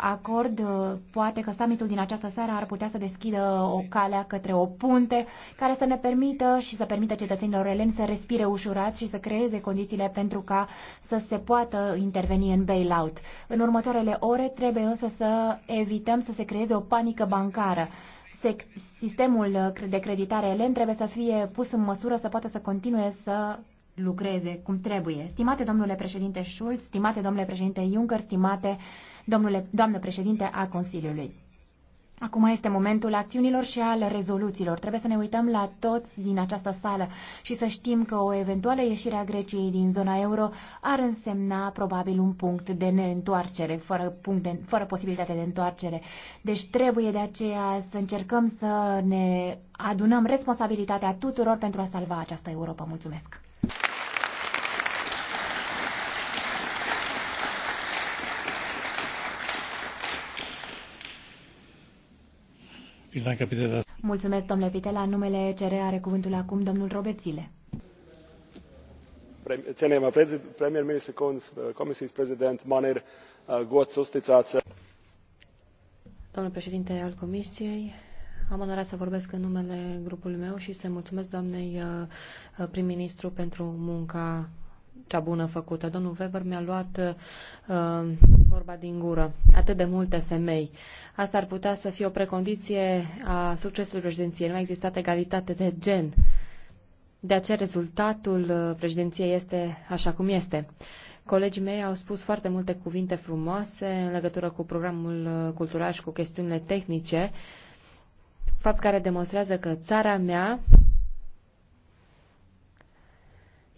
[SPEAKER 1] acord, uh, poate că summitul din această seară ar putea să deschidă o calea către o punte care să ne permită și să permită cetățenilor eleni să respire ușurat și să creeze condițiile pentru ca să se poată interveni în bailout. În următoarele ore trebuie însă să evităm să se creeze o o panică bancară. Sistemul uh, de creditare elen trebuie să fie pus în măsură să poată să continue să lucreze cum trebuie. Stimate domnule președinte Schulz, stimate domnule președinte Juncker, stimate domnule, doamnă președinte a Consiliului. Acum este momentul acțiunilor și al rezoluțiilor. Trebuie să ne uităm la toți din această sală și să știm că o eventuală ieșire a Greciei din zona euro ar însemna probabil un punct de neîntoarcere, fără, punct de, fără posibilitate de întoarcere. Deci trebuie de aceea să încercăm să ne adunăm responsabilitatea tuturor pentru a salva această Europa. Mulțumesc! Mulțumesc, domnule Pitela. Numele CR are cuvântul acum domnul Robert Zile.
[SPEAKER 2] Cienījamā premjerministra kundze, komisijas prezidenta, man uh, uh, Domnul președinte al Comisiei, am onoarea să vorbesc în numele grupului meu și să mulțumesc doamnei uh, prim-ministru pentru munca cea bună făcută. Domnul Weber mi-a luat uh, vorba din gură. Atât de multe femei. Asta ar putea să fie o precondiție a succesului președinției. Nu a existat egalitate de gen. De aceea rezultatul uh, președinției este așa cum este. Colegii mei au spus foarte multe cuvinte frumoase în legătură cu programul uh, cultural și cu chestiunile tehnice, fapt care demonstrează că țara mea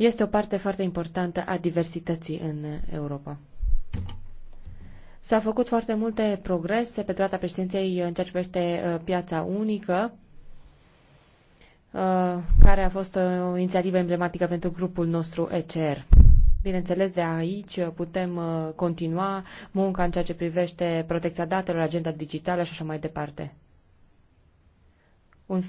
[SPEAKER 2] este o parte foarte importantă a diversității în Europa. S-au făcut foarte multe progrese pe durata președinției în ceea ce privește uh, piața unică, uh, care a fost uh, o inițiativă emblematică pentru grupul nostru ECR. Bineînțeles, de aici putem continua munca în ceea ce privește protecția datelor, agenda digitală și așa mai departe. Un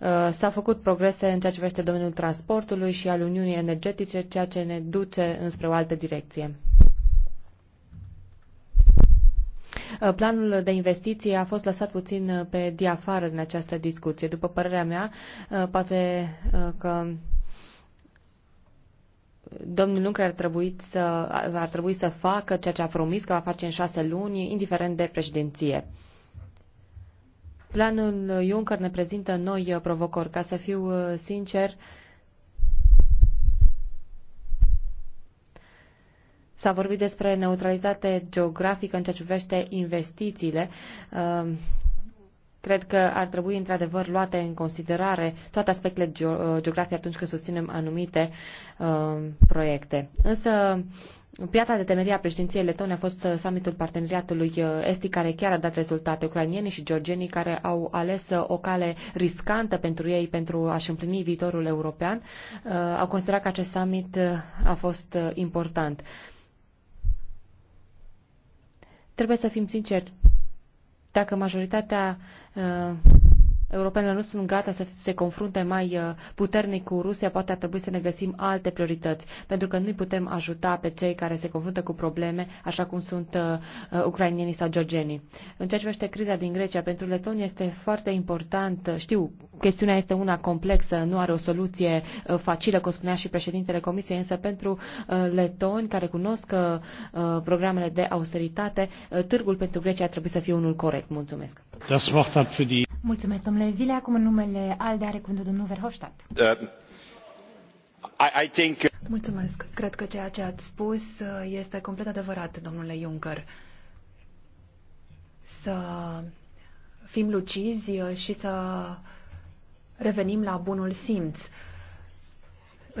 [SPEAKER 2] Uh, s-au făcut progrese în ceea ce privește domeniul transportului și al Uniunii Energetice, ceea ce ne duce înspre o altă direcție. Uh, planul de investiții a fost lăsat puțin uh, pe diafară în această discuție. După părerea mea, poate că domnul Juncker ar trebui, să, ar trebui să facă ceea ce a promis că va face în șase luni, indiferent de președinție. Planul Juncker ne prezintă noi uh, provocări. Ca să fiu uh, sincer, S-a vorbit despre neutralitate geografică în ceea ce privește investițiile. Uh, cred că ar trebui într-adevăr luate în considerare toate aspectele geografice atunci când susținem anumite proiecte. Însă Piața de temerie a președinției letone a fost uh, summitul parteneriatului uh, estic care chiar a dat rezultate. Ucrainienii și georgienii care au ales uh, o cale riscantă pentru ei pentru a-și împlini viitorul european au considerat că acest summit a fost important. Trebuie să fim sinceri. Dacă majoritatea Europenele nu sunt gata să se confrunte mai uh, puternic cu Rusia, poate ar trebui să ne găsim alte priorități, pentru că nu-i putem ajuta pe cei care se confruntă cu probleme, așa cum sunt uh, uh, ucrainienii sau georgenii. În ceea ce privește criza din Grecia, pentru Letonia este foarte important, știu, chestiunea este una complexă, nu are o soluție facilă, cum spunea și președintele Comisiei, însă pentru letoni care cunosc programele de austeritate, târgul pentru Grecia ar trebui să fie unul corect. Mulțumesc!
[SPEAKER 3] Das Wort hat für die
[SPEAKER 1] Mulțumesc, domnule Zile. Acum în numele ALDE are cuvântul domnul
[SPEAKER 3] Verhofstadt. Uh, I, I think... Uh, Mulțumesc. Cred că ceea ce ați spus uh, este complet adevărat, domnule Juncker. Să fim lucizi uh, și să revenim la bunul simț.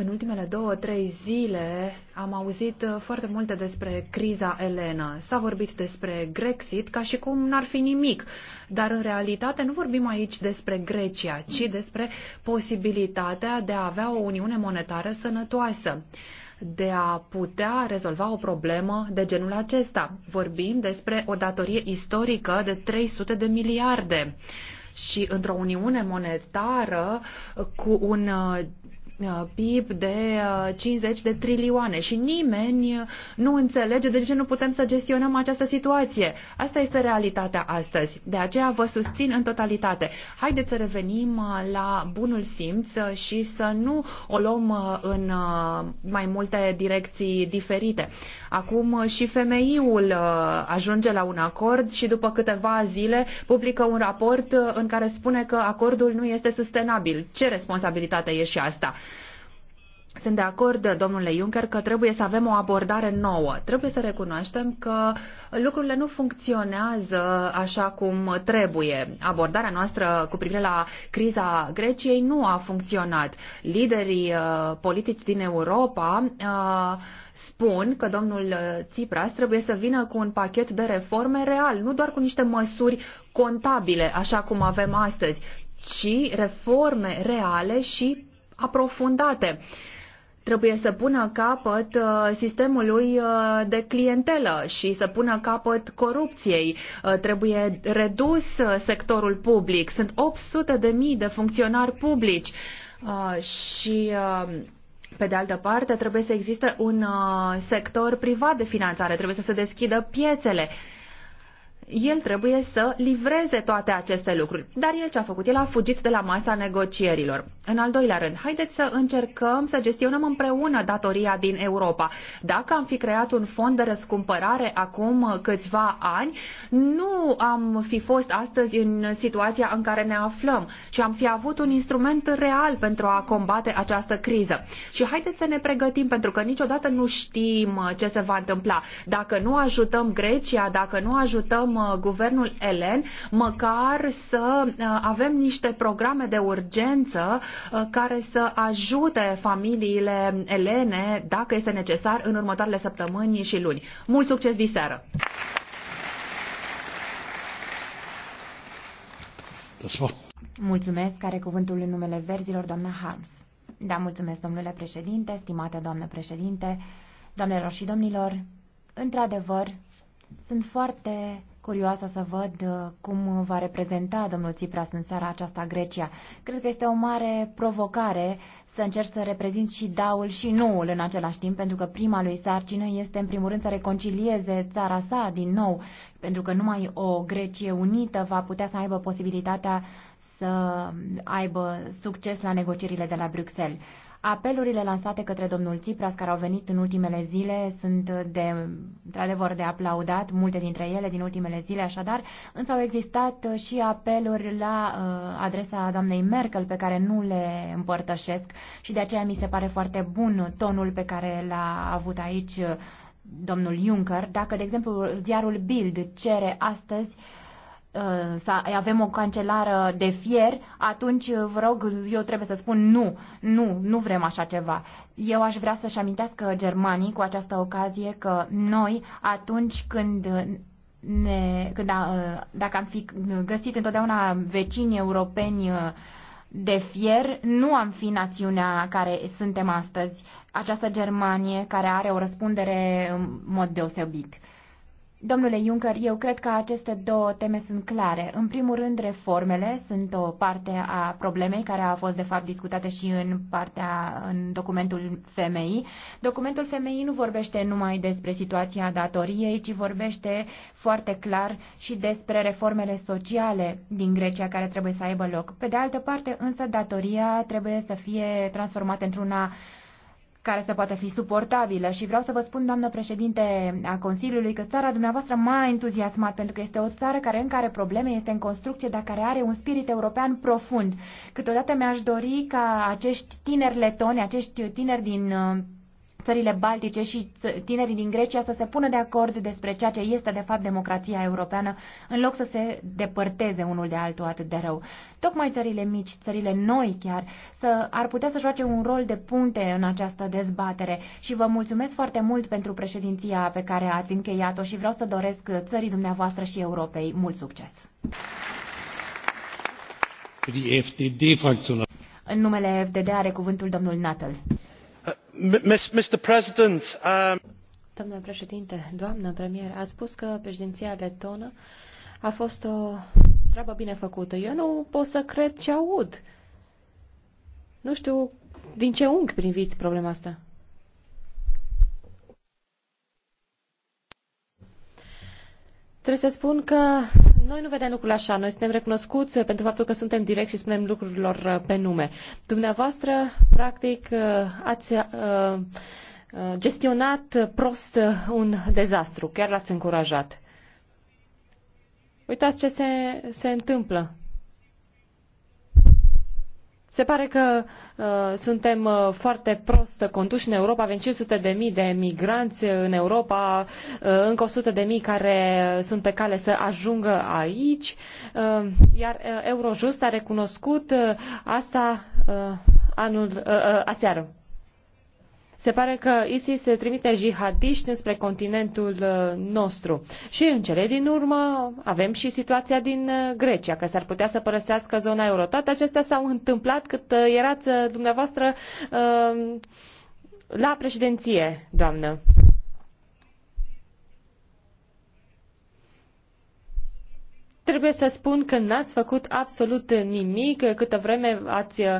[SPEAKER 3] În ultimele două-trei zile am auzit uh, foarte multe despre criza Elena. S-a vorbit despre Grexit ca și cum n-ar fi nimic, dar în realitate nu vorbim aici despre Grecia, ci despre posibilitatea de a avea o uniune monetară sănătoasă de a putea rezolva o problemă de genul acesta. Vorbim despre o datorie istorică de 300 de miliarde și într-o uniune monetară cu un uh, Uh, PIB de 50 uh, de trilioane și nimeni nu înțelege de ce nu putem să gestionăm această situație. Asta este realitatea astăzi. De aceea vă susțin în totalitate. Haideți să revenim uh, la bunul simț și să nu o luăm în mai multe direcții diferite. Acum uh, și femeiul uh, ajunge la un acord și după câteva zile publică un raport uh, în care spune că acordul nu este sustenabil. Ce responsabilitate e și asta? Sunt de acord, domnule Juncker, că trebuie să avem o abordare nouă. Trebuie să recunoaștem că lucrurile nu funcționează așa cum trebuie. Abordarea noastră cu privire la criza Greciei nu a funcționat. Liderii uh, politici din Europa uh, spun că domnul Tsipras trebuie să vină cu un pachet de reforme real, nu doar cu niște măsuri contabile, așa cum avem astăzi, ci reforme reale și aprofundate. Uh, Trebuie să pună capăt uh, sistemului uh, de clientelă și să pună capăt corupției. Uh, trebuie redus sectorul public. Sunt 800 de mii de funcționari publici și pe de altă parte, trebuie să existe un sector privat de finanțare, trebuie să se deschidă piețele el trebuie să livreze toate aceste lucruri. Dar el ce a făcut? El a fugit de la masa negocierilor. În al doilea rând, haideți să încercăm să gestionăm împreună datoria din Europa. Dacă am fi creat un fond de răscumpărare acum câțiva ani, nu am fi fost astăzi în situația în care ne aflăm, ci am fi avut un instrument real pentru a combate această criză. Și haideți să ne pregătim, pentru că niciodată nu știm ce se va întâmpla. Dacă nu ajutăm Grecia, dacă nu ajutăm Uh, guvernul elen măcar să uh, avem niște programe de urgență uh, care să ajute familiile elene, dacă este necesar, în următoarele săptămâni și luni. Mult succes diseară!
[SPEAKER 1] Mulțumesc. Care cuvântul în numele verzilor, doamna Harms. Da, mulțumesc, domnule președinte, stimate doamnă președinte, doamnelor și domnilor. Într-adevăr, sunt foarte curioasă să văd uh, cum va reprezenta domnul Tsipras în seara aceasta Grecia. Cred că este o mare provocare să încerci să reprezinți și daul și nuul în același timp, pentru că prima lui sarcină este în primul rând să reconcilieze țara sa din nou, pentru că numai o Grecie unită va putea să aibă posibilitatea să aibă succes la negocierile de la Bruxelles. Apelurile lansate către domnul Țipras, care au venit în ultimele zile, sunt de, într-adevăr de aplaudat, multe dintre ele din ultimele zile, așadar, însă au existat și apeluri la uh, adresa doamnei Merkel, pe care nu le împărtășesc și de aceea mi se pare foarte bun tonul pe care l-a avut aici uh, domnul Juncker. Dacă, de exemplu, ziarul Bild cere astăzi uh, Uh, să avem o cancelară de fier, atunci uh, vă rog, eu trebuie să spun nu, nu, nu vrem așa ceva. Eu aș vrea să-și amintească germanii cu această ocazie că noi, atunci când ne, când a, uh, dacă am fi găsit întotdeauna vecini europeni de fier, nu am fi națiunea care suntem astăzi. Această Germanie care are o răspundere în um, mod deosebit. Domnule Juncker, eu cred că aceste două teme sunt clare. În primul rând, reformele sunt o parte a problemei care a fost, de fapt, discutată și în, partea, în documentul femei. Documentul femei nu vorbește numai despre situația datoriei, ci vorbește foarte clar și despre reformele sociale din Grecia care trebuie să aibă loc. Pe de altă parte, însă, datoria trebuie să fie transformată într-una uh, care să poată fi suportabilă și vreau să vă spun, doamnă președinte a Consiliului, că țara dumneavoastră m-a entuziasmat pentru că este o țară care încă are probleme, este în construcție, dar care are un spirit european profund. Câteodată mi-aș dori ca acești tineri letoni, acești tineri din uh, țările baltice și tinerii din Grecia să se pună de acord despre ceea ce este de fapt democrația europeană, în loc să se depărteze unul de altul atât de rău. Tocmai țările mici, țările noi chiar, să ar putea să joace un rol de punte în această dezbatere și vă mulțumesc foarte mult pentru președinția pe care ați încheiat-o și vreau să doresc țării dumneavoastră și Europei mult succes. În numele
[SPEAKER 2] FDD are cuvântul domnul Nuttall. Um, Domnule președinte, doamnă premier, ați spus că președinția letonă a fost o treabă bine făcută. Eu nu pot să cred ce aud. Nu știu din ce unghi priviți problema asta. Trebuie să spun că noi nu vedem lucrurile așa. Noi suntem recunoscuți pentru faptul că suntem direct și spunem lucrurilor uh, pe nume. Dumneavoastră, practic, uh, ați uh, gestionat prost un dezastru. Chiar l-ați încurajat. Uitați ce se, se întâmplă. Se pare că uh, suntem uh, foarte prost conduși în Europa, avem 500 de mii de migranți în Europa, uh, încă 100 de mii care sunt pe cale să ajungă aici, uh, iar uh, Eurojust a recunoscut uh, asta uh, anul uh, uh, aseară. Se pare că ISIS se trimite jihadiști înspre continentul uh, nostru. Și în cele din urmă avem și situația din uh, Grecia, că s-ar putea să părăsească zona euro. Toate acestea s-au întâmplat cât uh, erați dumneavoastră la președinție, doamnă. Trebuie să spun că n-ați făcut absolut nimic câtă vreme ați uh,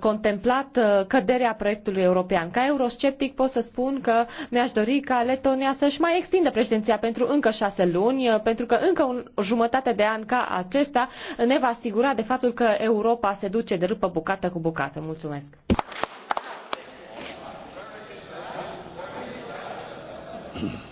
[SPEAKER 2] contemplat uh, căderea proiectului european. Ca eurosceptic pot să spun că mi-aș dori ca Letonia să-și mai extindă președinția pentru încă șase luni, uh, pentru că încă un jumătate de an ca acesta ne va asigura de faptul că Europa se duce de râpă bucată cu bucată. Mulțumesc!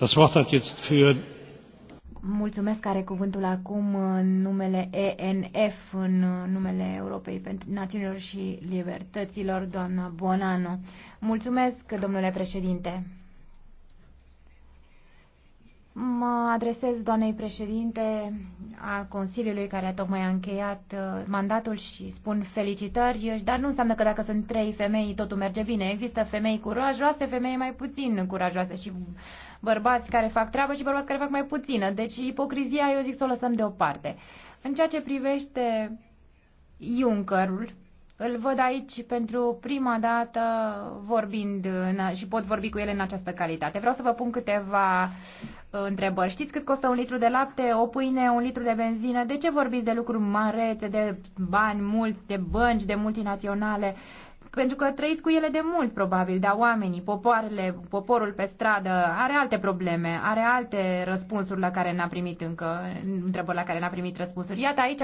[SPEAKER 3] Das Wort hat jetzt für
[SPEAKER 1] Mulțumesc, are cuvântul acum în numele ENF, în numele Europei pentru Națiunilor și Libertăților, doamna Bonano. Mulțumesc, domnule președinte. Mă adresez doamnei președinte al Consiliului care a tocmai a încheiat uh, mandatul și spun felicitări, dar nu înseamnă că dacă sunt trei femei totul merge bine. Există femei curajoase, femei mai puțin curajoase și bărbați care fac treabă și bărbați care fac mai puțină. Deci ipocrizia, eu zic să o lăsăm deoparte. În ceea ce privește Juncker-ul, îl văd aici pentru prima dată vorbind în, și pot vorbi cu el în această calitate. Vreau să vă pun câteva uh, întrebări. Știți cât costă un litru de lapte, o pâine, un litru de benzină? De ce vorbiți de lucruri marețe, de bani mulți, de bănci, de multinaționale? pentru că trăiți cu ele de mult, probabil, dar oamenii, popoarele, poporul pe stradă are alte probleme, are alte răspunsuri la care n-a primit încă, întrebări la care n-a primit răspunsuri. Iată aici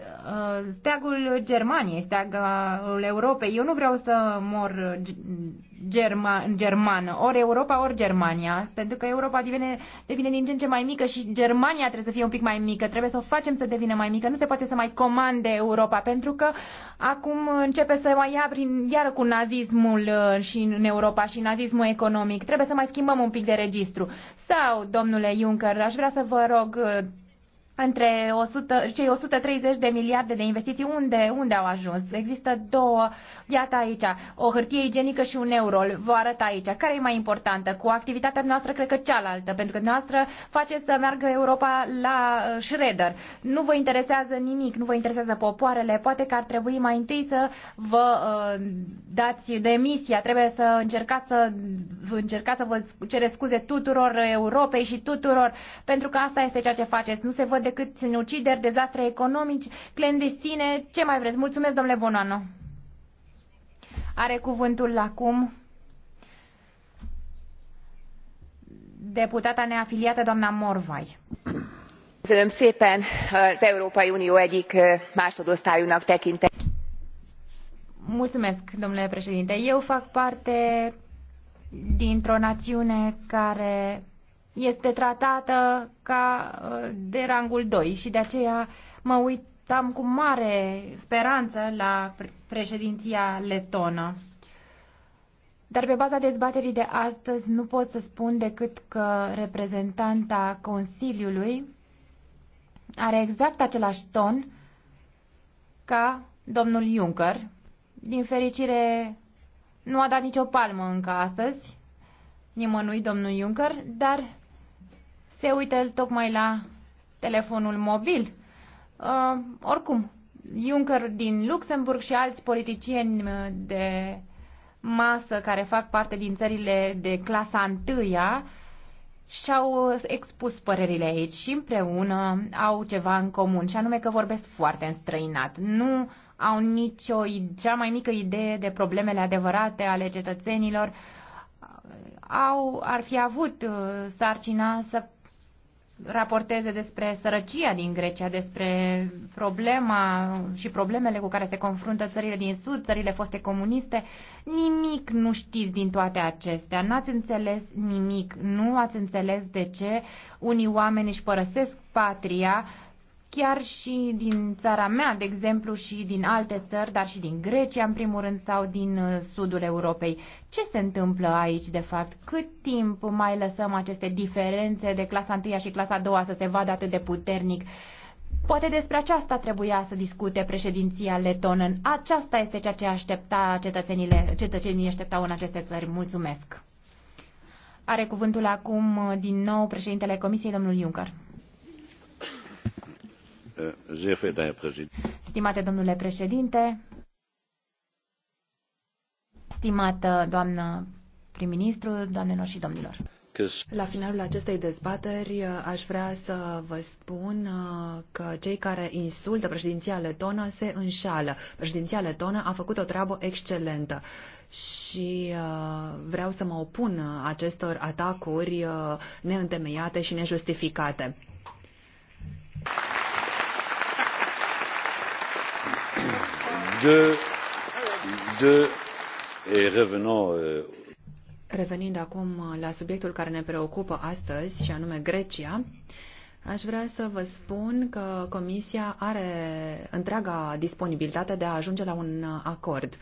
[SPEAKER 1] Uh, steagul Germaniei, steagul Europei. Eu nu vreau să mor germa, germană, ori Europa, ori Germania, pentru că Europa devine, devine din ce în ce mai mică și Germania trebuie să fie un pic mai mică, trebuie să o facem să devină mai mică, nu se poate să mai comande Europa, pentru că acum începe să mai ia prin, iară cu nazismul uh, și în Europa și nazismul economic, trebuie să mai schimbăm un pic de registru. Sau, domnule Juncker, aș vrea să vă rog uh, între 100, cei 130 de miliarde de investiții, unde, unde au ajuns? Există două, iată aici, o hârtie igienică și un euro, vă arăt aici. Care e mai importantă? Cu activitatea noastră, cred că cealaltă, pentru că noastră face să meargă Europa la uh, shredder. Nu vă interesează nimic, nu vă interesează popoarele, poate că ar trebui mai întâi să vă uh, dați demisia, trebuie să încercați să, încercați să vă cere scuze tuturor Europei și tuturor, pentru că asta este ceea ce faceți. Nu se văd decât sinucideri, dezastre economici, clandestine, ce mai vreți. Mulțumesc, domnule Bonano. Are cuvântul acum deputata neafiliată, doamna Morvai. Köszönöm szépen az Európai Unió egyik másodosztályúnak tekintett. Mulțumesc, domnule președinte. Eu fac parte dintr-o națiune care este tratată ca uh, de rangul 2 și de aceea mă uitam cu mare speranță la președinția letonă. Dar pe baza dezbaterii de astăzi nu pot să spun decât că reprezentanta Consiliului are exact același ton ca domnul Juncker. Din fericire, nu a dat nicio palmă încă astăzi, nimănui domnul Juncker, dar se uită tocmai la telefonul mobil. Uh, oricum, Juncker din Luxemburg și alți politicieni uh, de masă care fac parte din țările de clasa întâia și-au uh, expus părerile aici și împreună au ceva în comun, și anume că vorbesc foarte înstrăinat. Nu au nicio cea mai mică idee de problemele adevărate ale cetățenilor. Au, ar fi avut uh, sarcina să raporteze despre sărăcia din Grecia, despre problema și problemele cu care se confruntă țările din Sud, țările foste comuniste. Nimic nu știți din toate acestea. N-ați înțeles nimic. Nu ați înțeles de ce unii oameni își părăsesc patria chiar și din țara mea, de exemplu, și din alte țări, dar și din Grecia, în primul rând, sau din uh, sudul Europei. Ce se întâmplă aici, de fapt? Cât timp mai lăsăm aceste diferențe de clasa 1 și clasa 2 să se vadă atât de puternic? Poate despre aceasta trebuia să discute președinția letonă. Aceasta este ceea ce aștepta cetățenile, cetățenii așteptau în aceste țări. Mulțumesc! Are cuvântul acum uh, din nou președintele Comisiei, domnul Juncker.
[SPEAKER 2] Euh,
[SPEAKER 1] Stimate domnule președinte, stimată
[SPEAKER 3] doamnă prim-ministru, doamnelor și domnilor. La finalul acestei dezbateri uh, aș vrea să vă spun uh, că cei care insultă președinția Letona se înșală. Președinția Letona a făcut o treabă excelentă și uh, vreau să mă opun acestor atacuri neîntemeiate și nejustificate. Euh, Revenind acum la subiectul care ne preocupă astăzi, și anume Grecia, aș vrea să vă spun că Comisia are întreaga disponibilitate de a ajunge la un acord. Uh,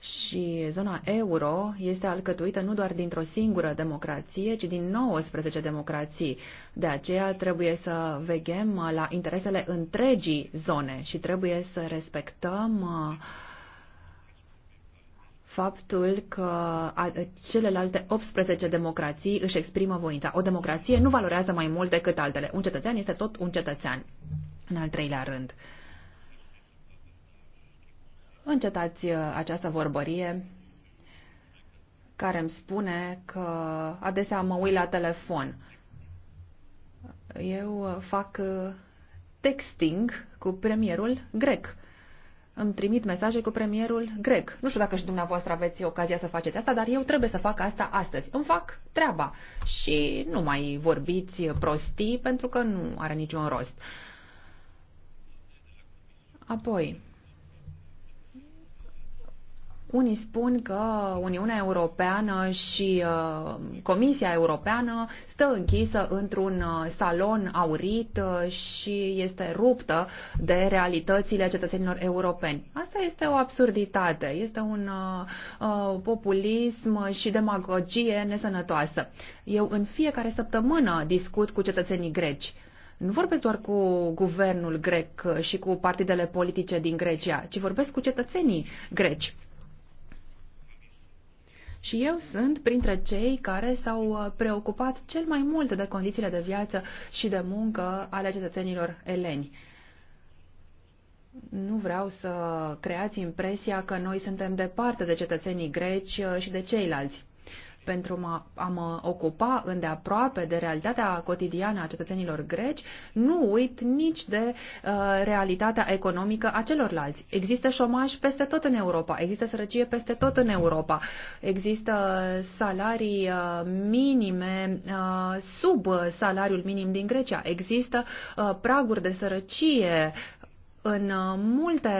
[SPEAKER 3] și zona euro este alcătuită nu doar dintr-o singură democrație, ci din 19 democrații. De aceea trebuie să veghem la interesele întregii zone și trebuie să respectăm uh, faptul că celelalte 18 democrații își exprimă voința. O democrație nu valorează mai mult decât altele. Un cetățean este tot un cetățean, în al treilea rând. Uh, încetați uh, această vorbărie care îmi spune că adesea mă uit la telefon. Eu uh, fac uh, texting cu premierul grec. Îmi trimit mesaje cu premierul grec. Nu știu dacă și dumneavoastră aveți ocazia să faceți asta, dar eu trebuie să fac asta astăzi. Îmi fac treaba și nu mai vorbiți prostii pentru că nu are niciun rost. Apoi, unii spun că Uniunea Europeană și uh, Comisia Europeană stă închisă într-un uh, salon aurit uh, și este ruptă de realitățile cetățenilor europeni. Asta este o absurditate, este un populism și demagogie nesănătoasă. Eu în fiecare săptămână discut cu cetățenii greci nu vorbesc doar cu guvernul grec și cu partidele politice din Grecia, ci vorbesc cu cetățenii greci. Și eu sunt printre cei care s-au uh, preocupat cel mai mult de condițiile de viață și de muncă ale cetățenilor eleni. Nu vreau să creați impresia că noi suntem departe de cetățenii greci uh, și de ceilalți pentru a mă ocupa îndeaproape de realitatea cotidiană a cetățenilor greci, nu uit nici de uh, realitatea economică a celorlalți. Există șomaj peste tot în Europa, există sărăcie peste tot în Europa, există salarii uh, minime uh, sub salariul minim din Grecia, există uh, praguri de sărăcie în uh, multe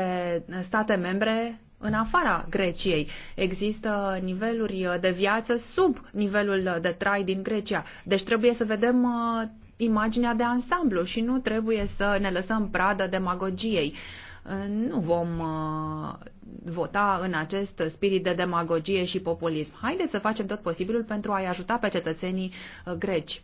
[SPEAKER 3] state membre în afara Greciei. Există niveluri uh, de viață sub nivelul uh, de trai din Grecia. Deci trebuie să vedem uh, imaginea de ansamblu și nu trebuie să ne lăsăm pradă demagogiei. Nu vom vota în acest spirit de demagogie și populism. Haideți să facem tot posibilul pentru a-i ajuta pe cetățenii greci.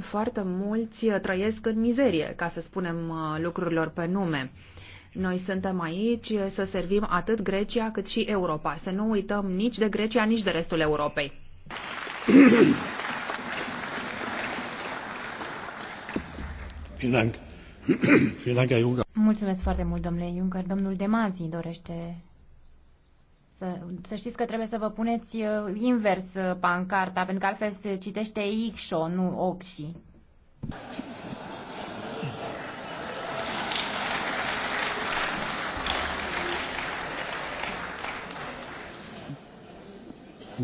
[SPEAKER 3] Foarte mulți trăiesc în mizerie, ca să spunem lucrurilor pe nume. Uh, noi suntem aici să servim atât Grecia cât și Europa. Să nu uităm nici de Grecia, nici de restul Europei.
[SPEAKER 1] Mulțumesc foarte mult, domnule Juncker. Domnul Demazi dorește să, să știți că trebuie să vă puneți uh, invers uh, pancarta, pentru că altfel se citește Ixo, nu Oxi.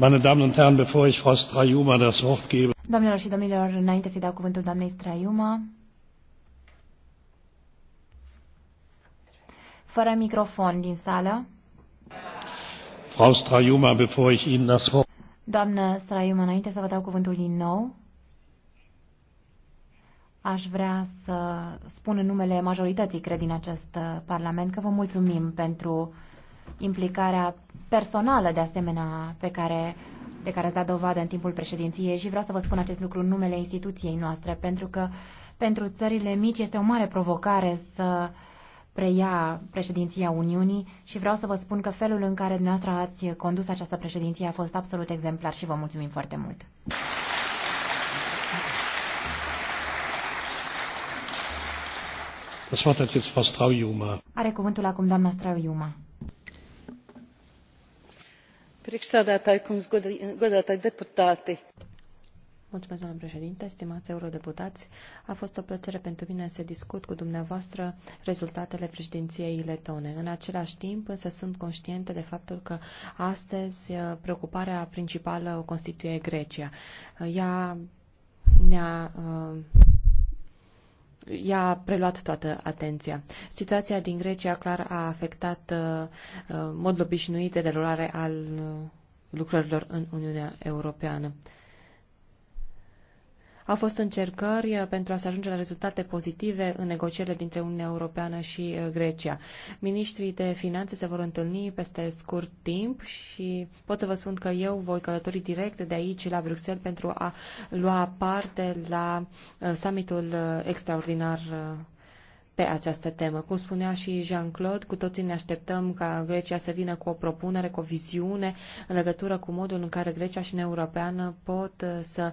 [SPEAKER 3] Doamnelor
[SPEAKER 1] și domnilor, înainte să-i dau cuvântul doamnei Straiuma, fără microfon din sală.
[SPEAKER 3] Frau Straiuma, bevor ich Ihnen das Wort...
[SPEAKER 1] Doamnă Straiuma, înainte să vă dau cuvântul din nou, aș vrea să spun în numele majorității, cred, din acest uh, Parlament, că vă mulțumim pentru uh, implicarea personală, de asemenea, pe care, de care ați dat dovadă în timpul președinției și vreau să vă spun acest lucru în numele instituției noastre, pentru că pentru țările mici este o mare provocare să preia președinția Uniunii și vreau să vă spun că felul în care dumneavoastră ați condus această președinție a fost absolut exemplar și vă mulțumim foarte mult. Are cuvântul acum doamna Strau Iuma.
[SPEAKER 2] Mulțumesc, doamnă președinte, stimați eurodeputați. A fost o plăcere pentru mine să discut cu dumneavoastră rezultatele președinției letone. În același timp, însă sunt conștientă de faptul că astăzi uh, preocuparea principală o constituie Grecia. Ea ne-a uh, i-a preluat toată atenția. Situația din Grecia clar a afectat modul uh, uh, mod obișnuit de derulare al uh, lucrărilor în Uniunea Europeană. Au fost încercări uh, pentru a se ajunge la rezultate pozitive în negocierile dintre Uniunea Europeană și uh, Grecia. Ministrii de finanțe se vor întâlni peste scurt timp și pot să vă spun că eu voi călători direct de aici la Bruxelles pentru a lua parte la uh, summitul extraordinar pe această temă. Cum spunea și Jean-Claude, cu toții ne așteptăm ca Grecia să vină cu o propunere, cu o viziune în legătură cu modul în care Grecia și Uniunea Europeană pot să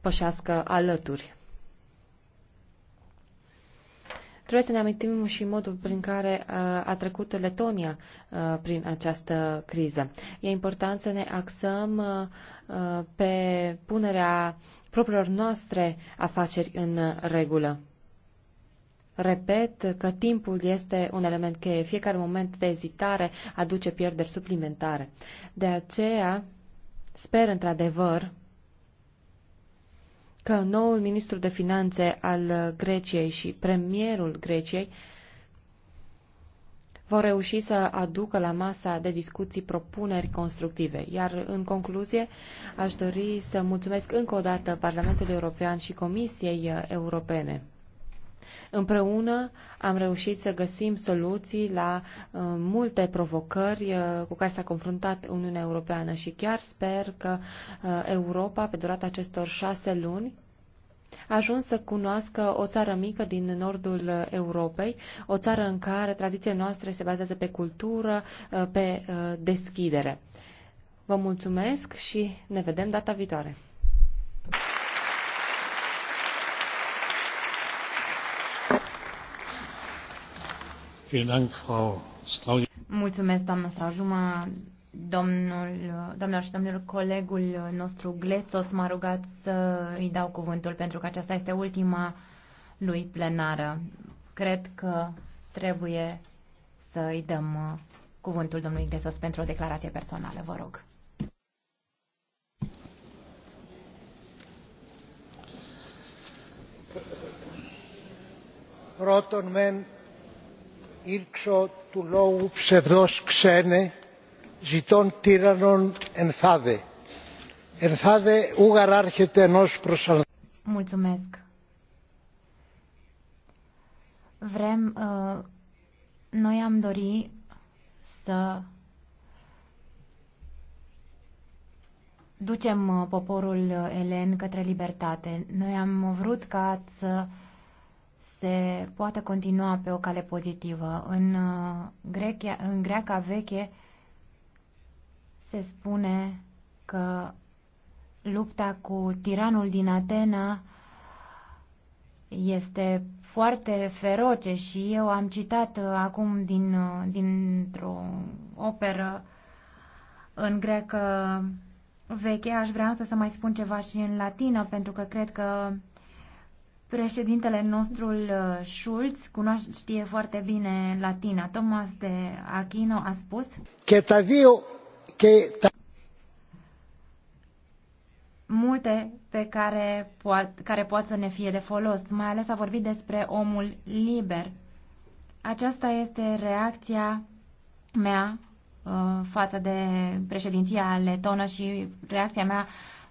[SPEAKER 2] pășească alături. Trebuie să ne amintim și modul prin care uh, a trecut Letonia uh, prin această criză. E important să ne axăm uh, pe punerea propriilor noastre afaceri în regulă. Repet că timpul este un element cheie. Fiecare moment de ezitare aduce pierderi suplimentare. De aceea, sper într-adevăr că noul ministru de finanțe al Greciei și premierul Greciei vor reuși să aducă la masa de discuții propuneri constructive. Iar în concluzie, aș dori să mulțumesc încă o dată Parlamentului European și Comisiei Europene. Împreună am reușit să găsim soluții la uh, multe provocări uh, cu care s-a confruntat Uniunea Europeană și chiar sper că uh, Europa, pe durata acestor șase luni, a ajuns să cunoască o țară mică din nordul uh, Europei, o țară în care tradițiile noastre se bazează pe cultură, uh, pe uh, deschidere. Vă mulțumesc și ne vedem data viitoare!
[SPEAKER 1] Mulțumesc, doamna Strajuma. Domnul, domnilor și domnilor, colegul nostru Glețos m-a rugat să îi dau cuvântul pentru că aceasta este ultima lui plenară. Cred că trebuie să îi dăm uh, cuvântul domnului Glețos pentru o declarație personală. Vă rog.
[SPEAKER 2] Rotten men ήρξω του λόγου ψευδός ξένε, ζητών τύραννων ενθάδε. Ενθάδε ούγαρ άρχεται ενός προσανθρώπου.
[SPEAKER 1] Mulțumesc. Vrem, uh, noi am dori să ducem poporul elen către libertate. Noi am vrut ca să se poată continua pe o cale pozitivă. În, uh, grechea, în greaca veche se spune că lupta cu tiranul din Atena este foarte feroce și eu am citat uh, acum din, uh, dintr-o
[SPEAKER 2] operă
[SPEAKER 1] în greacă veche. Aș vrea să mai spun ceva și în latină, pentru că cred că Președintele nostru uh, Schulz cunoaște, foarte bine latina. Thomas de Aquino a spus că tavio, che ta... multe pe care, poat, care pot să ne fie de folos. Mai ales a vorbit despre omul liber. Aceasta este reacția mea uh, față de președinția letonă și reacția mea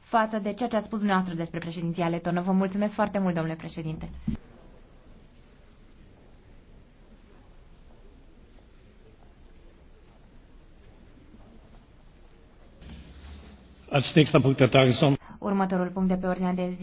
[SPEAKER 1] față de ceea ce a spus dumneavoastră despre președinția letonă. Vă mulțumesc foarte mult, domnule președinte. Următorul punct de pe ordinea de zi